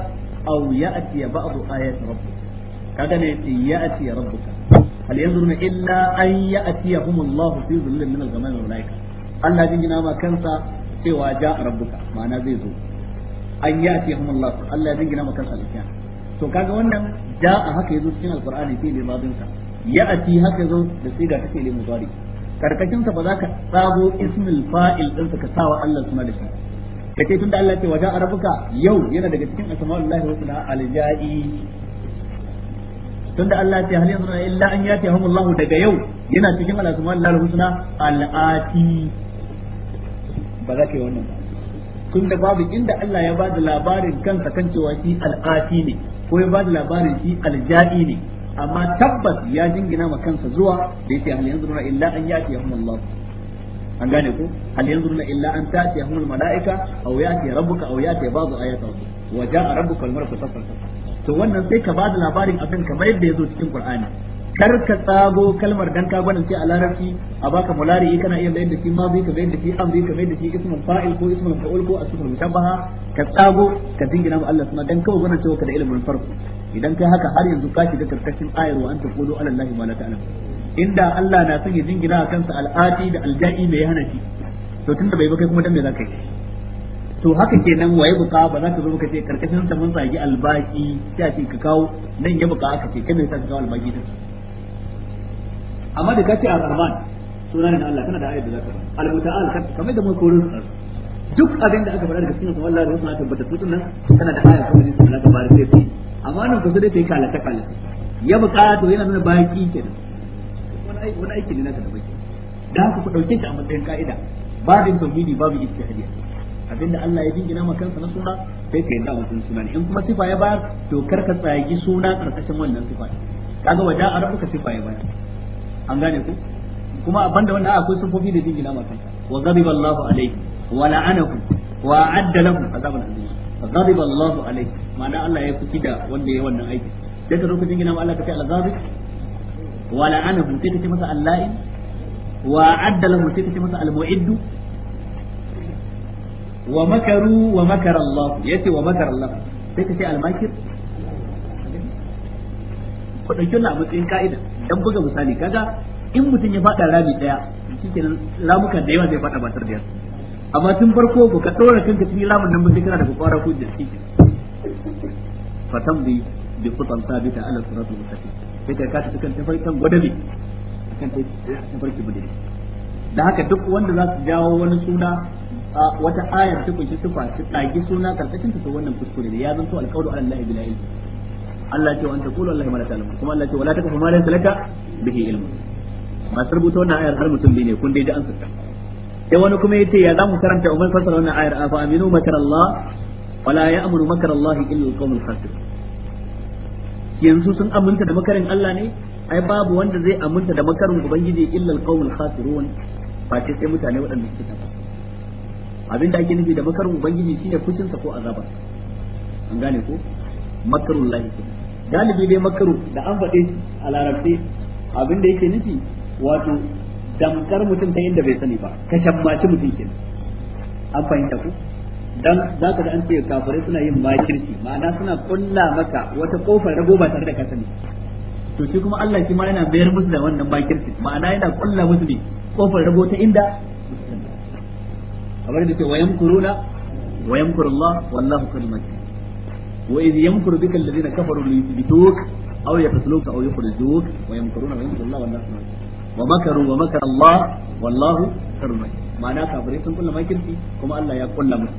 aw ya'ti ba'du ayati rabbika kaga ne yace ya'ti rabbuka hal yanzuruna illa an ya'tiyahumullahu fi dhillin min al-ghamam wal malaikatu Allah ya jingina ma kansa cewa ja'a rabbuka ma'ana zai zo an ya yati Allah ya jingina ma kansa alkiya to kaga wannan a haka yazo cikin alqur'ani fi limadin sa ya'ti haka yazo da siga take limu zari karkashin sa ba za ka tsago ismul fa'il din ka sawa Allah suna da shi kace tunda Allah ya ce waja arabuka yau yana daga cikin asma'ullahi wa sunna aljai tunda Allah ce hal yanzu illa an yati humullahu daga yau yana cikin asma'ullahi wa husna alati ba za ka yi wannan ba tun da babu inda Allah ya bada labarin kansa kan cewa shi al'afi ne ko ya bada labarin shi alja'i ne amma tabbas ya jingina ma kansa zuwa da yake hal yanzu na illa an yati yahum Allah an gane ko hal yanzu na illa an tati yahum malaika aw yati rabbuka aw yati ba'd ayati rabbuka wa ja'a rabbuka al malaku saffan to wannan sai ka bada labarin abin kamar yadda ya zo cikin Qur'ani kar ka tsago kalmar dan ka gwanin a larabci a baka mulari kana iya bayan da shi ma zai ka bayar da shi amri ka bayan da shi ismul fa'il ko ismul fa'ul ko asmul mutabbaha ka tsago ka dingina ma Allah suna dan kawai gwanin cewa ka da ilimin farko idan kai haka har yanzu ka shiga karkashin ayar wa anta qulu ala allahi ma la ta'lam inda Allah na son ya a kansa al'ati da alja'i mai hana shi to tunda bai ba kuma dan me zaka yi to haka kenan waye buka ba za ka zo ka ce karkashin sa mun sagi albashi sai a ce ka kawo nan ya buka aka ce kai me sa ka kawo albashi din amma da kace ar-rahman sunan nan Allah kana da ayyuka da zaka al-muta'al kamar da mun korin duk abin da aka faɗa daga cikin wallahi da wasu tabbata su din nan kana da ayyuka kuma ne su na gabar sai su amma nan ku sai kai kalata kalata ya buƙata yana nuna baki kenan wani aiki wani aiki ne na da baki da haka ku dauke shi a matsayin ka'ida babin tauhidi babu ijtihadi abinda Allah ya jingina maka kansa na suna sai ka yarda mutum sunan in kuma sifa ya bayar to karka tsayi suna karkashin wannan sifa kaga wajen arabu ka sifa ya bayar an gane ku kuma a banda wannan akwai sufofi da jingina ma kansa wa ghadiba Allahu alayhi wa la'anahu wa adda lahu azaban azim ghadiba Allahu alayhi ma'ana Allah ya fuki da wanda ya wannan aiki daga lokacin gina ma Allah ka ce al-ghadib wa la'anahu sai ka ce masa allahi wa adda lahu sai ka ce masa al-mu'iddu wa makaru wa makara Allah yace wa makara Allah sai ka ce al-makir ku dauki wannan a matsayin ka'ida dan buga misali kaga in mutum ya faɗa rami daya shikenan ramukan da yawa zai fada ba tarbiyar amma tun farko ba ka ɗora kanka cikin lamun nan ba sai kana da kwakwara ko jiki fatan bi qutan sabita ala siratul mustaqim sai ka kasa cikin tafarkin gwadabi kan tafarki bude da haka duk wanda za su jawo wani suna wata ayar ta kunshi sifa ta tsagi suna karkashin ta wannan kuskure ya zanto alqawlu ala allahi Allah ce wanda kullu Allah ma la ta'lamu kuma Allah ce wala takafu ma laysa laka bihi ilmu masu rubuta wannan ayar har mutum ne kun dai ji an saka sai wani kuma yace ya zamu karanta umar fasara wannan ayar afa aminu makarallah wala ya'muru makarallahi illa alqawmul khasir yanzu sun aminta da makarin Allah ne ai babu wanda zai aminta da makarin ubangiji illa alqawmul khasirun ba ce sai mutane waɗanda suke tafa abinda ake nufi da makarin ubangiji shine kucinsa ko azaba an gane ko makarun kenan galibi dai makaru da an faɗe shi a larabce abin da yake nufi wato damkar mutum ta inda bai sani ba ka shammaci mutum kenan an fahimta ku dan za ka da an ce kafirai suna yin makirci ma'ana suna kulla maka wata kofar rago ba tare da ka sani to shi kuma Allah shi ma yana bayar musu da wannan makirci ma'ana yana kulla musu ne kofar rago ta inda kamar da ce wayan kuruna wayan kurullah wallahu kalimatu wa idh yamkuru bika alladhina kafaru li yuthbituka aw yaqtuluka aw yukhrijuka wa yamkuruna wa yamkuru Allah wallahu wa makaru wa makara wallahu khairul ma'ana kafirai sun kulla makirci kuma Allah ya kulla musu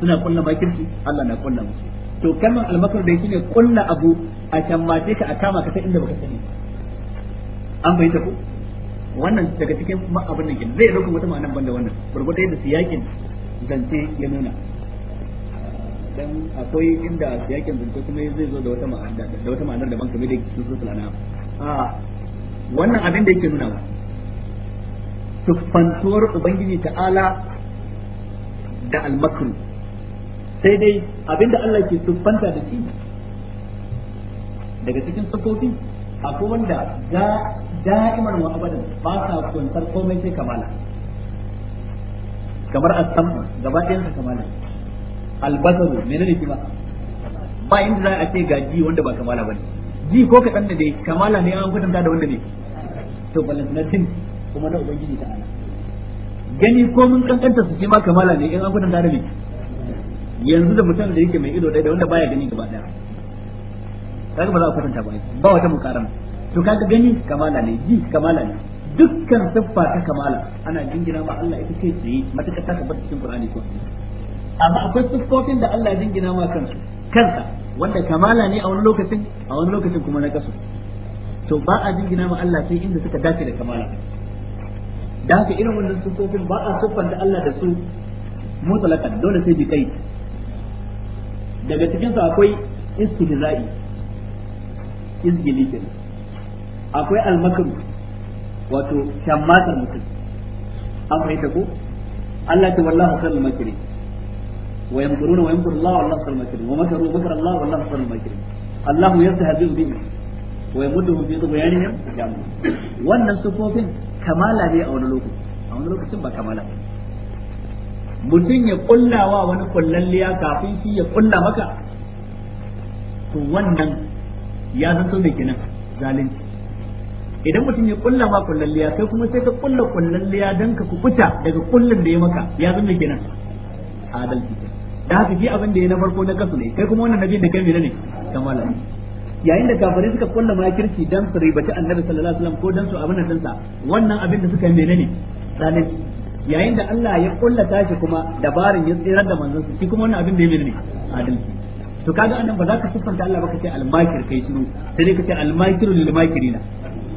suna kulla makirci Allah na kulla musu to kalmar almakar da shine kulla abu a shammace ka a kama ka ta inda baka sani wannan daga cikin abin da ke zai rukun wata ma'anar banda wannan gurgurda yadda siyakin zance ya nuna dan akwai inda yakin zance kuma zai zo da wata ma'ana da wata ma'anar daban kamar da yake cikin sura na a wannan abin da yake nuna ba tuffantuwar ubangiji ta'ala da almakru sai dai abinda Allah ke tuffanta da shi daga cikin sufofi akwai wanda da da'imar wa abadan ba sa kuntar komai sai kamala kamar asam gaba ɗayan kamala albasaru menene kuma ba inda za a ce ga ji wanda ba kamala bane ji ko kaɗan da dai kamala ne an kwatanta da wanda ne to na tun kuma na ubangiji ta ala gani ko mun kankanta su shi ma kamala ne in an kwatanta da ne yanzu da mutum da yake mai ido dai da wanda baya gani gaba daya kaga ba za a kwatanta ba ba wata mukaram to kaga gani kamala ne ji kamala ne dukkan siffa ta kamala ana jingina ba Allah ita ce tsaye matakar ta tabbata cikin Qur'ani ko amma akwai siffofin da Allah ya jingina ma kansu kansa wanda kamala ne a wani lokacin a wani lokacin kuma na kasu to ba a jingina ma Allah sai inda suka dace da kamala da haka irin wannan siffofin ba a siffanta Allah da su mutlaqan dole sai bi kai daga cikin su akwai istihza'i izgili kenan akwai almakar wato shammatar mutum an ta ko Allah ta wallahu kan makiri wa yamkuruna الله والله Allah wallahu sal makirin wa makaru makara Allah wallahu sal makirin Allah yastahzi bihi wa yamudduhum fi tughyanihim yamun wannan sufofin kamala ne a wani a wani ba kamala mutum ya kullawa wani kullalliya kafin shi ya kulla maka to wannan ya zalunci idan mutum ya kulla ma kullalliya sai kuma sai ka kulla kullalliya dan ka kukuta daga kullun da ya maka ya zama kenan adalci da haka shi abin da ya na farko na kasu ne kai kuma wannan nabi da kai ne kamala ne yayin da kafare suka kulla makirci dan su ribaci annabi sallallahu alaihi wasallam ko dan su abin da sansa wannan abin da suka yi menene zalunci yayin da Allah ya kulla tashi kuma dabarin ya tsirar da manzon shi kuma wannan abin da ya menene adalci to kaga anan ba za ka siffanta Allah ba ka ce almakir kai shiru sai dai ka ce al-makiru lil makirina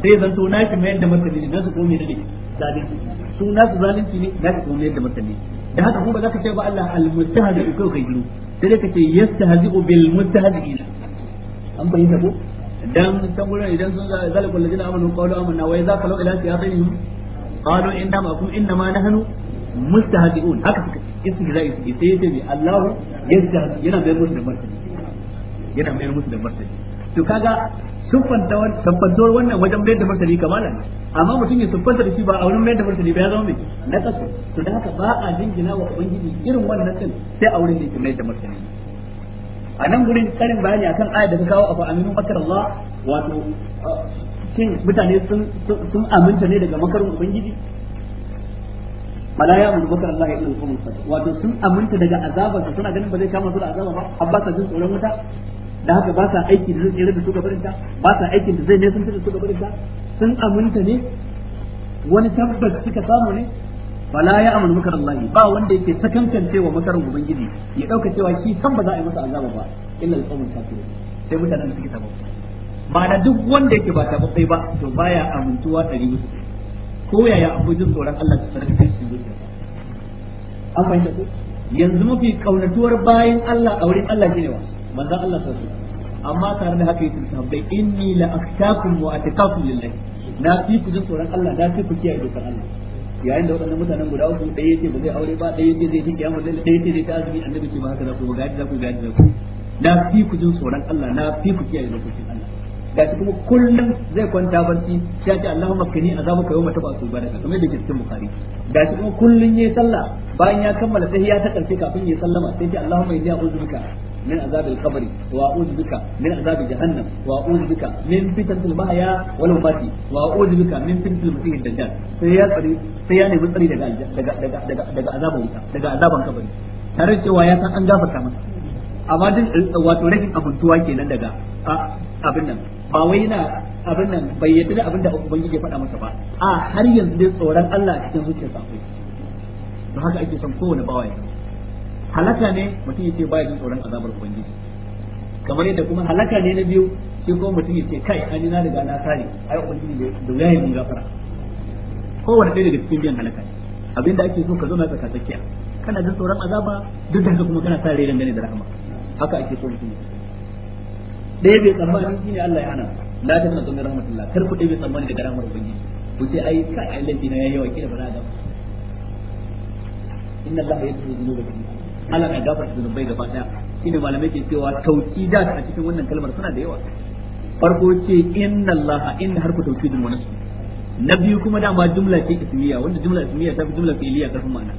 sai zan to shi mai yadda martani ne nasu ko menene zalunci su nasu zalunci ne nasu ko mayar yadda martani ne da haka kuma ba za ka ce ba Allah al-mustahzi kai kai giru sai dai ka ce yastahzi'u bil mustahzi'ina an bayyana ko dan can gurin idan sun zalikul ladina amanu qalu amanna wa idza qalu ila shayatinihim qalu inna ma'akum inna ma nahnu mustahzi'un haka suka istihza'i suke sai yace bi Allahu yastahzi yana bayar musu da martani yana bayar musu da martani to kaga sun fanta wannan wajen bayar da martani kamala ne amma mutum ya tuffanta da shi ba a wurin mai da martani ba ya zama mai na kasu to da haka ba a jingina wa ubangiji irin wannan din sai a wurin da mai da martani a nan gurin karin bayani akan ayat da ta kawo a fa'aminu makar Allah wato shin mutane sun sun aminta ne daga makarin ubangiji mala ya amanu makar Allah ya ilmu wato sun aminta daga azabarsa suna ganin ba zai kama su da azaba ba har sa jin tsoron wuta da haka ba sa aiki da zai tsere da su gabarin ta ba sa aiki da zai ne sun da su gabarin ta sun aminta ne wani tabbas suka samu ne la ya amanu makar Allah ba wanda yake sakantance wa gudun ubangiji ya dauka cewa shi san ba za a yi masa azaba ba illa al-qawmul kafirun sai mutanen da suke tabo ba da duk wanda yake ba tabo sai ba to baya amintuwa dari musu ko yaya abu jin tsoron Allah ta sarrafa shi zuciya an fahimta ko yanzu mafi kaunatuwar bayan Allah a wurin Allah ne wa manzan Allah sallallahu su amma tare da haka yake in inni la akhshakum wa atqakum lillahi na fi ku jin tsoron Allah na fi ku kiyaye dokar Allah yayin da waɗannan mutanen guda uku ɗaya yake ba zai aure ba ɗaya yake zai fi kiyama da ɗaya yace zai ta azumi annabi ce ba haka za ku ba gaji za ku ga za ku na fi ku jin tsoron Allah na fi ku kiyaye dokar Allah ga shi kuma kullum zai kwanta barci ya ce Allahumma kani azabuka yawma tabasu ka kamar da ke cikin bukhari ga shi kuma kullum yayi sallah bayan ya kammala tahiyya ta karshe kafin yayi sallama sai ce Allahumma inni a'udhu bika min azab al-qabr wa a'udhu bika min azab jahannam wa min fitnatil mahya wal mamati wa a'udhu bika min fitnatil masih sai ya tsari sai ya nemi tsari daga daga daga daga daga azaban wuta daga an gafarta masa amma eh, wato rashin abuntuwa kenan daga abin nan ba wai yana abin nan bai yadda da abin da faɗa masa ba a har yanzu dai tsoron Allah cikin zuciyarsa akwai ba haka ake son kowane bawa halaka ne mutum yace baya jin tsoron azabar ubangiji kamar yadda kuma halaka ne na biyu shi kuma mutum yace kai an na riga na sani ai ubangiji da dogaye mun gafara kowanne ɗaya daga cikin biyan halaka abinda ake so ka zauna tsaka tsakiya kana jin tsoron azaba duk da haka kuma kana sa rai gane da rahama haka ake so mutum ɗaya bai tsammani shine Allah ya hana la ta tsammani rahmatullah kar ku ɗaya bai tsammani daga rahmar ubangiji ku ce ai kai ai lafi na yayi wa kila ba za a inna Allah yadda zunuba kila Allah na gafarta zunubai gaba daya shine malamai ke cewa tauki tauqidat a cikin wannan kalmar suna da yawa farko ce inna allaha inna harfu tawkidin wa nasb na biyu kuma dama jumla ce ismiya wanda jumla ismiya ta fi jumla fi'liya karfin ma'ana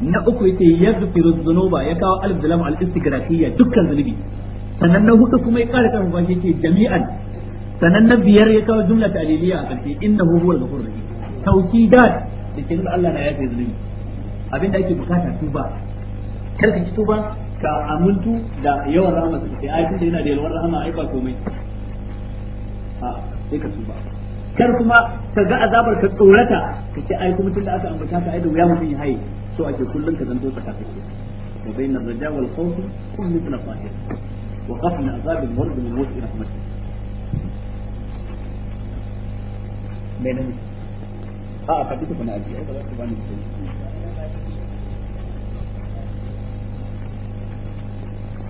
na uku yace yaghfiru dhunuba ya kawo alif da lam al istighrafiya dukkan zunubi sannan na hudu kuma ya kara kan ba shi yake jami'an sannan na biyar ya kawo jumla ta'liliya a karshe innahu huwal ghafurur rahim tawkidat da ke nuna Allah na yafe zunubi abinda ake bukata tuba kar ka ki tufa ka amintu da yawan rahama su sai ai tunda yana da yawan rahama ai ba komai a sai ka tuba kar kuma ka ga azabar ka tsorata ka ce ai kuma tunda aka ambata ka ai da wuya mutum ya haye so ake kullun ka zanto tsakatsaki wa bayna ar-raja wal khawf kun mithla fahir wa qafna azab al-murd min wasi rahmatihi menene a a fadi ku na ajiye ba za ku bani mutum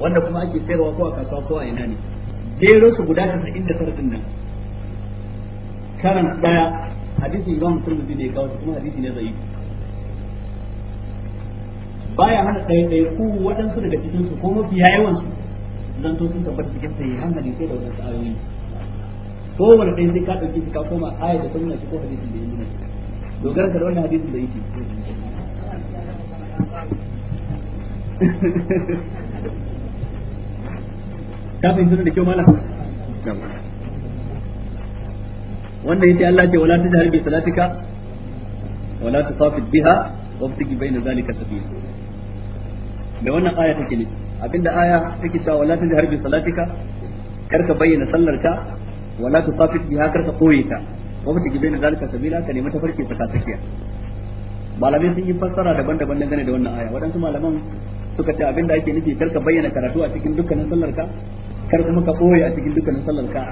wanda kuma ake sayarwa ko a kasuwa ko a ina ne jero su guda sa'in da tara nan karan daya hadisin imam turmudi ne kawo kuma hadisi ne zai baya hana ɗaya ɗaya ko waɗansu daga cikin su ko mafi yawan su zan to sun tabbata cikin sai hankali sai da wadansu ayoyi ko wani ɗaya sai ka ɗauki ka koma aya da sunna shi ko hadisin da ya nuna dogara da wannan hadisin da yake ka fahimci da kyau malam wanda yace Allah ke wala tajhar bi salatika wala tusafid biha wabtigi baina zalika sabila da wannan aya take ne abinda aya take cewa wala ta jarbi salatika karka bayyana sallarka wala tusafid biha karka koyi ta wabtigi baina zalika sabila ka nemi tafarki tsakatsakiya malamai sun yi fassara daban-daban dangane da wannan aya waɗansu malaman suka ce abinda ake nufi karka bayyana karatu a cikin dukkanin sallarka kar kuma ka boye a cikin dukkanin sallar ka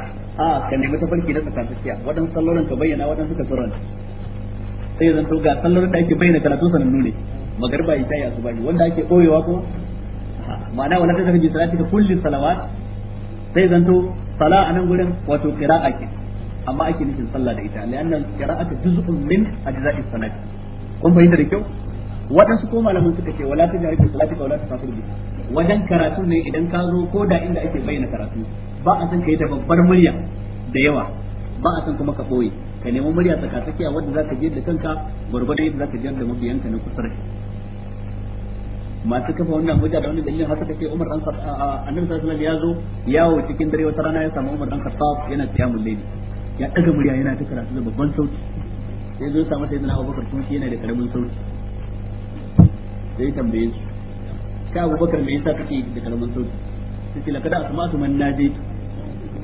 a ka nemi tafarki na tsakantsakiya waɗansu sallolin ka bayyana waɗansu suka suran sai zan ga sallolin da ake bayyana karatu sanannu ne magarba ita ya su bani wanda ake boyewa ko ma'ana wala ta tarbi salati ka kulli salawat sai zan to sala anan gurin wato qira'a ke amma ake nufin sallah da ita li'anna qira'atu juz'un min ajza'is salati kun bayyana da kyau waɗansu ko malaman suka ce wala tajari bi ka wala tasafir bi wajen karatu ne idan ka zo ko da inda ake bayyana karatu ba a san kai da babbar murya da yawa ba a san kuma ka boye ka nemi murya tsakatsakiya wanda zaka je da kanka gurgurda yadda zaka je da mabiyanka na kusa da masu kafa wannan hujja da wani dalilin haka suka ce Umar dan Annabi sallallahu alaihi ya zo yawo cikin dare wata rana ya samu Umar dan Khattab yana qiyamul layl ya daga murya yana ta karatu da babban sauti sai zo samu sayyidina Abubakar kuma yana da karamin sauti sai tambaye su kai Bakar me yasa kake da kalmar sauki sai ce lakada asma'atu man najaitu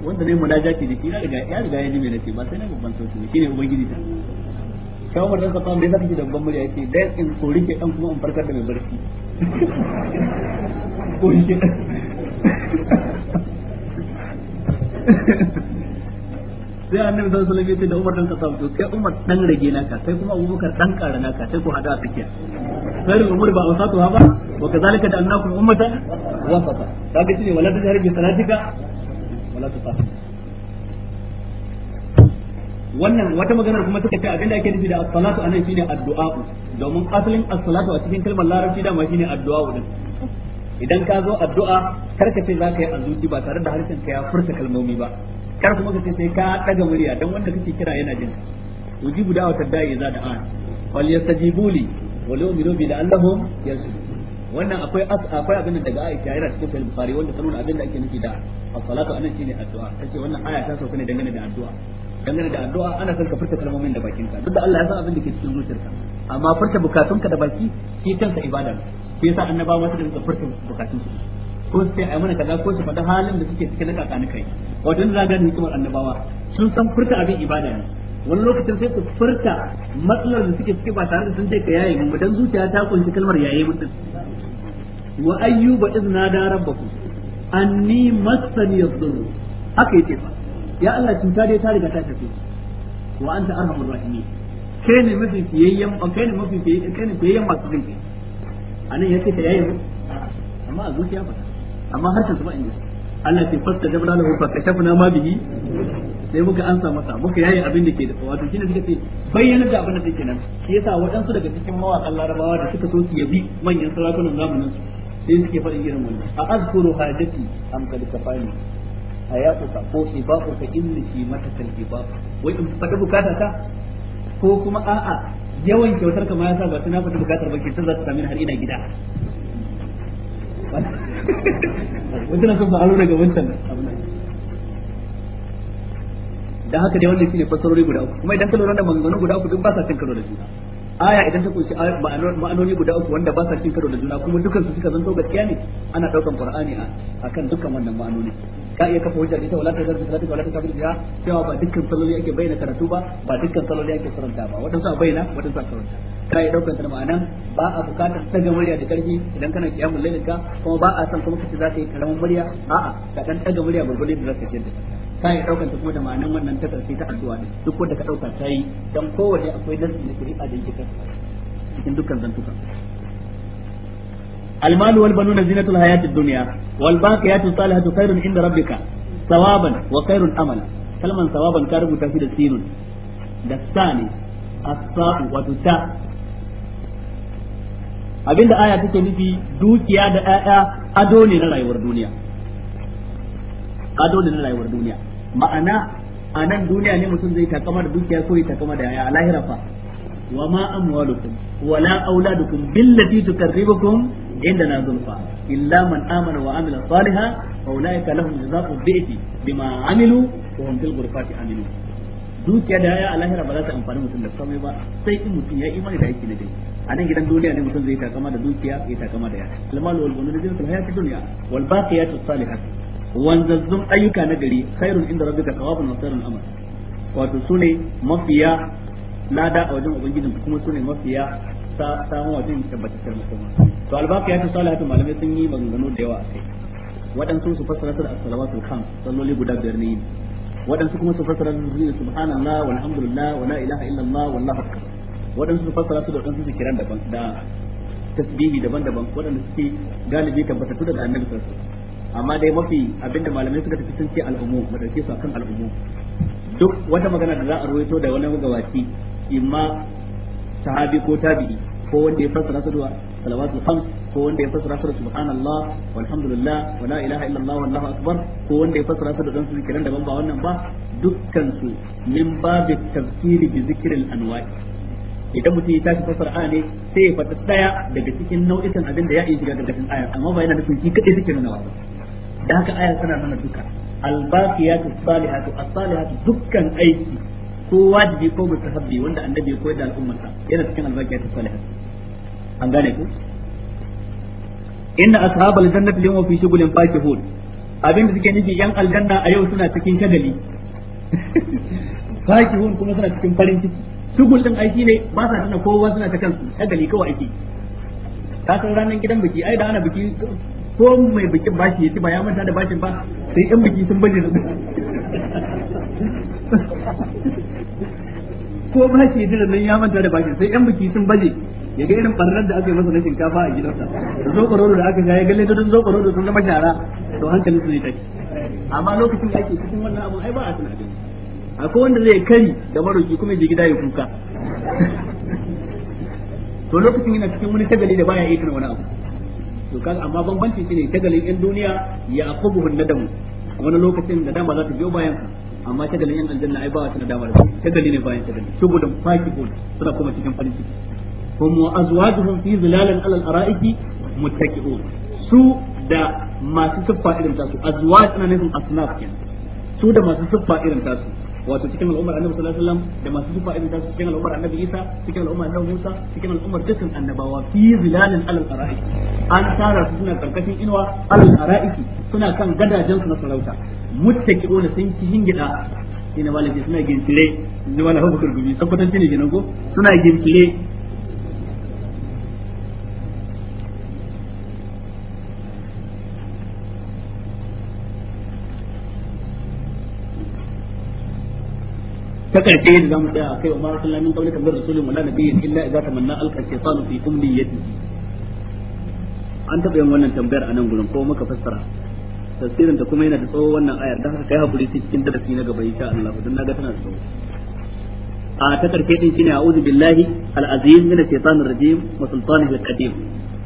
wanda ne ke da shi ya riga ya riga ya ji me nace ba sai na babban sauki ne shine ubangiji ta kai Umar dan Khattab me yasa kake da babban murya yake dan in so rike dan kuma in farkar da mai barci ko shi sai annabi sallallahu alaihi wasallam ya da Umar dan Khattab to kai Umar dan rage naka sai kuma Abubakar dan kara naka sai ku hada a tsakiya sai Umar ba wasa ha ba wa kazalika da annakum ummatan wasata kaga shine wala tajhar bi salatika wala ta wannan wata maganar kuma suka ce abinda ake nufi da as-salatu anan shine addu'a domin asalin as-salatu a cikin kalmar larabci ma shine addu'a din idan ka zo addu'a karka ce za ka yi azuci ba tare da harshen ka ya furta kalmomi ba kar kuma ka ce sai ka daga murya dan wanda kake kira yana jin ujibu da'watad da'i da an wal yastajibu li wa yu'minu bi la'allahum yasudun wannan akwai akwai abin daga Aisha yana cikin sahih Bukhari wanda ta nuna abin da ake nufi da as-salatu anan shine addu'a kace wannan aya ta sauka ne dangane da addu'a dangane da addu'a ana son ka furta kalmomin da bakin ka duk da Allah ya san abin da ke cikin zuciyarka amma furta bukatunka da baki shi kansa ibada shi yasa annabawa ma da furta bukatun su ko sai ai mana kaza ko su faɗa halin da suke cikin na kai wato inda za gane hikimar annabawa sun san furta abin ibada ne wani lokacin sai su furta matsalar da suke suke ba tare da sun ce ka yaye mu dan zuciya ta kunshi kalmar yaye mutum wa ayyuba idh nada rabbahu anni massani yadhur haka yake fa ya Allah cuta dai ta riga ta tafi wa anta arhamur rahimin kai ne mafi fiyayyen kai ne mafi fiyayyen kai ne fiyayyen masu zai anan yace ka yaye mu amma a zuciya ba amma harshen su ba inda Allah ce fasta jabra lahu fa kashafna ma bihi sai muka ansa masa muka yayi abin da ke da wato shine suka ce bayyana da abin da take nan shi yasa waɗansu daga cikin mawaƙan larabawa da suka so su yabi manyan sarakunan zamanin su sai suke faɗin irin wannan a azkuru hajati am kad kafani ka ko ka inni fi kal ibaq wai in fada bukata ta ko kuma a'a yawan kyautar ka ma yasa ba tana fata bukatar ba ke ta za ta har ina gida wajen sun fa'alo daga wancan da haka dai wannan shine fassarori guda uku kuma idan ka lura da manganu guda uku duk ba sa cin karo da juna aya idan ta kunshi ma'anoni guda uku wanda ba sa cin karo da juna kuma dukan su suka zanto gaskiya ne ana daukan qur'ani akan dukkan wannan ma'anoni ka iya kafa hujja ita wala ta zarfi salatu wala ta kafir biha cewa ba dukkan salloli ake bayyana karatu ba ba dukkan salloli ake karanta ba wadansu a bayyana wadansu a karanta ka yi daukar da ma'anan ba a bukatar daga murya da karfi idan kana kiyamul lailin ka kuma ba a san kuma kace za ka yi karamin murya a'a ka dan daga murya gurgurin da zaka kirda ka yi daukar ta kuma da ma'anan wannan ta karfi ta addu'a ne duk wanda ka dauka ta yi dan kowace akwai darsi na shari'a da yake cikin dukkan zantuka المال والبنون زينة الحياة الدنيا والباقيات الصالحة خير عند ربك ثوابا وخير أملا كلمة ثوابا كارب تفيد السين دستاني الصاء وتتاء abinda aya take nufi dukiya da ƴaƴa ado ne na rayuwar duniya ado ne na rayuwar duniya ma'ana a nan duniya ne mutum zai takama da dukiya ko ya takama da ƴaƴa a lahira fa wa ma amwalukum wa la auladukum billati tukarribukum inda na zulfa illa man amana wa amila saliha fa ulaika lahum jazaa'u bi'ti bima amilu wa hum fil ghurfati aminu dukiya da ƴaƴa a lahira ba za ta amfani mutum da komai ba sai in mutum ya imani da yake na dai a nan gidan duniya ne mutum zai takama da dukiya ya takama da yaya almalu wal bunun jinsul hayati dunya wal baqiyatu salihat wanzazzun ayyuka na gari khairun inda rabbika thawabun wa khairun amal wato sune mafiya lada a wajen ubangijin kuma sune mafiya ta samu wajen tabbataccen musulma. to albaqiyatu salihatu malamai sun yi maganganu da yawa a kai waɗansu su fassara su da as-salawatul khams salloli guda biyar ne waɗansu kuma su fassara su da subhanallah walhamdulillah wala ilaha illallah wallahu akbar waɗansu fasara fassara su da waɗansu su kiran daban da tasbihi daban-daban waɗanda suke galibi tabbatattu da annabi sallallahu amma dai mafi abinda malamai suka tafi sun ce al'umu mu su akan al'umu duk wata magana da za a rawaito da wani magawaci imma sahabi ko tabi'i ko wanda ya fassara su da salawatul khams ko wanda ya fassara su da subhanallah walhamdulillah wa la ilaha illallah wallahu akbar ko wanda ya fassara su da dan kiran daban ba wannan ba dukkan su min babu tafsiri bi zikril anwa'i idan mutum ya tashi fasar a ne sai ya fata daya daga cikin nau'ikan abin da ya iya shiga cikin ayar amma ba yana nufin shi kadai cikin nuna wasu da haka ayar tana nuna duka albaqiyatu salihatu as-salihatu dukkan aiki ko wajibi ko mustahabbi wanda annabi ya koyar da al'ummarsa yana cikin albaqiyatu salihatu an gane ku inna ashabal jannati yawma fi shughulin fakihun abinda suke nufi yan aljanna a yau suna cikin shagali fakihun kuma suna cikin farin ciki shugul din aiki ne ba sa tana kowa suna ta kansu shagali kawai aiki ka san ranar gidan biki ai da ana biki ko mai bikin bashi ya ci ba ya manta da bashin ba sai yan biki sun baje ko bashi ya jira nan ya manta da bashin sai yan biki sun baje ya ga irin barnar da aka yi masa na shinkafa a gidansa zokororo da aka ga ya ga ledodin zokororo sun zama shara to hankalin su ne take amma lokacin da ake cikin wannan abu ai ba a tunanin akwai wanda zai kari da maroki kuma je gida ya kuka to lokacin yana cikin wani tagali da baya iya wani abu to kaga amma bambanci shine tagalin yan duniya ya hun nadam wani lokacin da dama za ta biyo bayan amma tagalin yan aljanna ai ba wata nadama da tagali ne bayan tagali saboda faki fakibun suna kuma cikin farin ciki hum wa azwajuhum fi zilalin alal ara'iki muttaqi'un su da masu siffa irin tasu azwaj ana nufin asnaf kenan su da masu siffa irin tasu wato cikin al'ummar annabi sallallahu alaihi wasallam da masu zufa irin da cikin al'ummar annabi Isa cikin al'ummar annabi Musa cikin al'ummar dukkan annabawa fi zilalin alal ara'i an tara su suna karkashin inuwa alal ara'i suna kan gadajen su na sarauta muttaqi'una sun ki hingida ina malaka suna gintire ni wala hukur gubi sabbatan ne ginago suna gintire ta da zamu tsaya akai wa ma sallallahu min qablika min rasulin wala nabiyyin illa idza tamanna alqa shaytanu fi umniyati an taɓa yin wannan tambayar a nan gurin ko muka fassara tafsirin ta kuma yana da tsawo wannan ayar da haka kai hakuri cikin darasi na gaba insha Allah dan naga tana da tsawo a ta karshe din shine a'udhu billahi al-azim min ash-shaytanir rajim al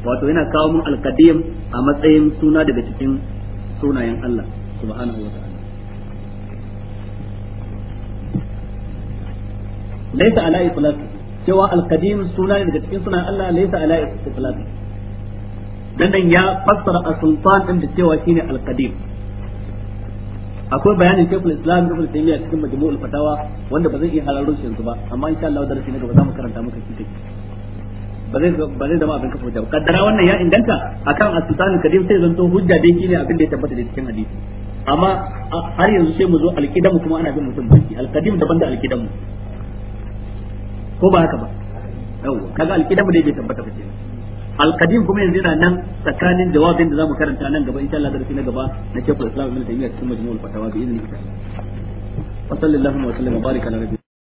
wato yana kawo mun al a matsayin suna daga cikin sunayen Allah subhanahu wa ta'ala laisa ala itlaqi cewa alqadim suna ne daga cikin sunan Allah laisa ala itlaqi dan nan ya fassara as-sultan din da cewa shine alqadim akwai bayanin Sheikhul Islam Ibn Taymiyyah cikin Majmu'ul Fatawa wanda ba zan iya halarun shi yanzu ba amma insha Allah darasi na gaba za mu karanta muka shi take ba zai ba zai zama abin kafa hujja kaddara wannan ya inganta akan as-sultan kadim sai zanto hujja dai ne abin da ya tabbata da cikin hadisi amma har yanzu sai mu zo al-qidam kuma ana bin mutum baki al-qadim daban da al-qidam ko ba haka ba yau kaga alqidam ne bai tabbata ba kenan alqadim kuma yanzu yana nan tsakanin jawabin da zamu karanta nan gaba insha Allah darasi na gaba na Sheikhul Islam Ibn Taymiyyah cikin Majmu'ul Fatawa bi idnillah wa sallallahu wa sallam wa baraka ala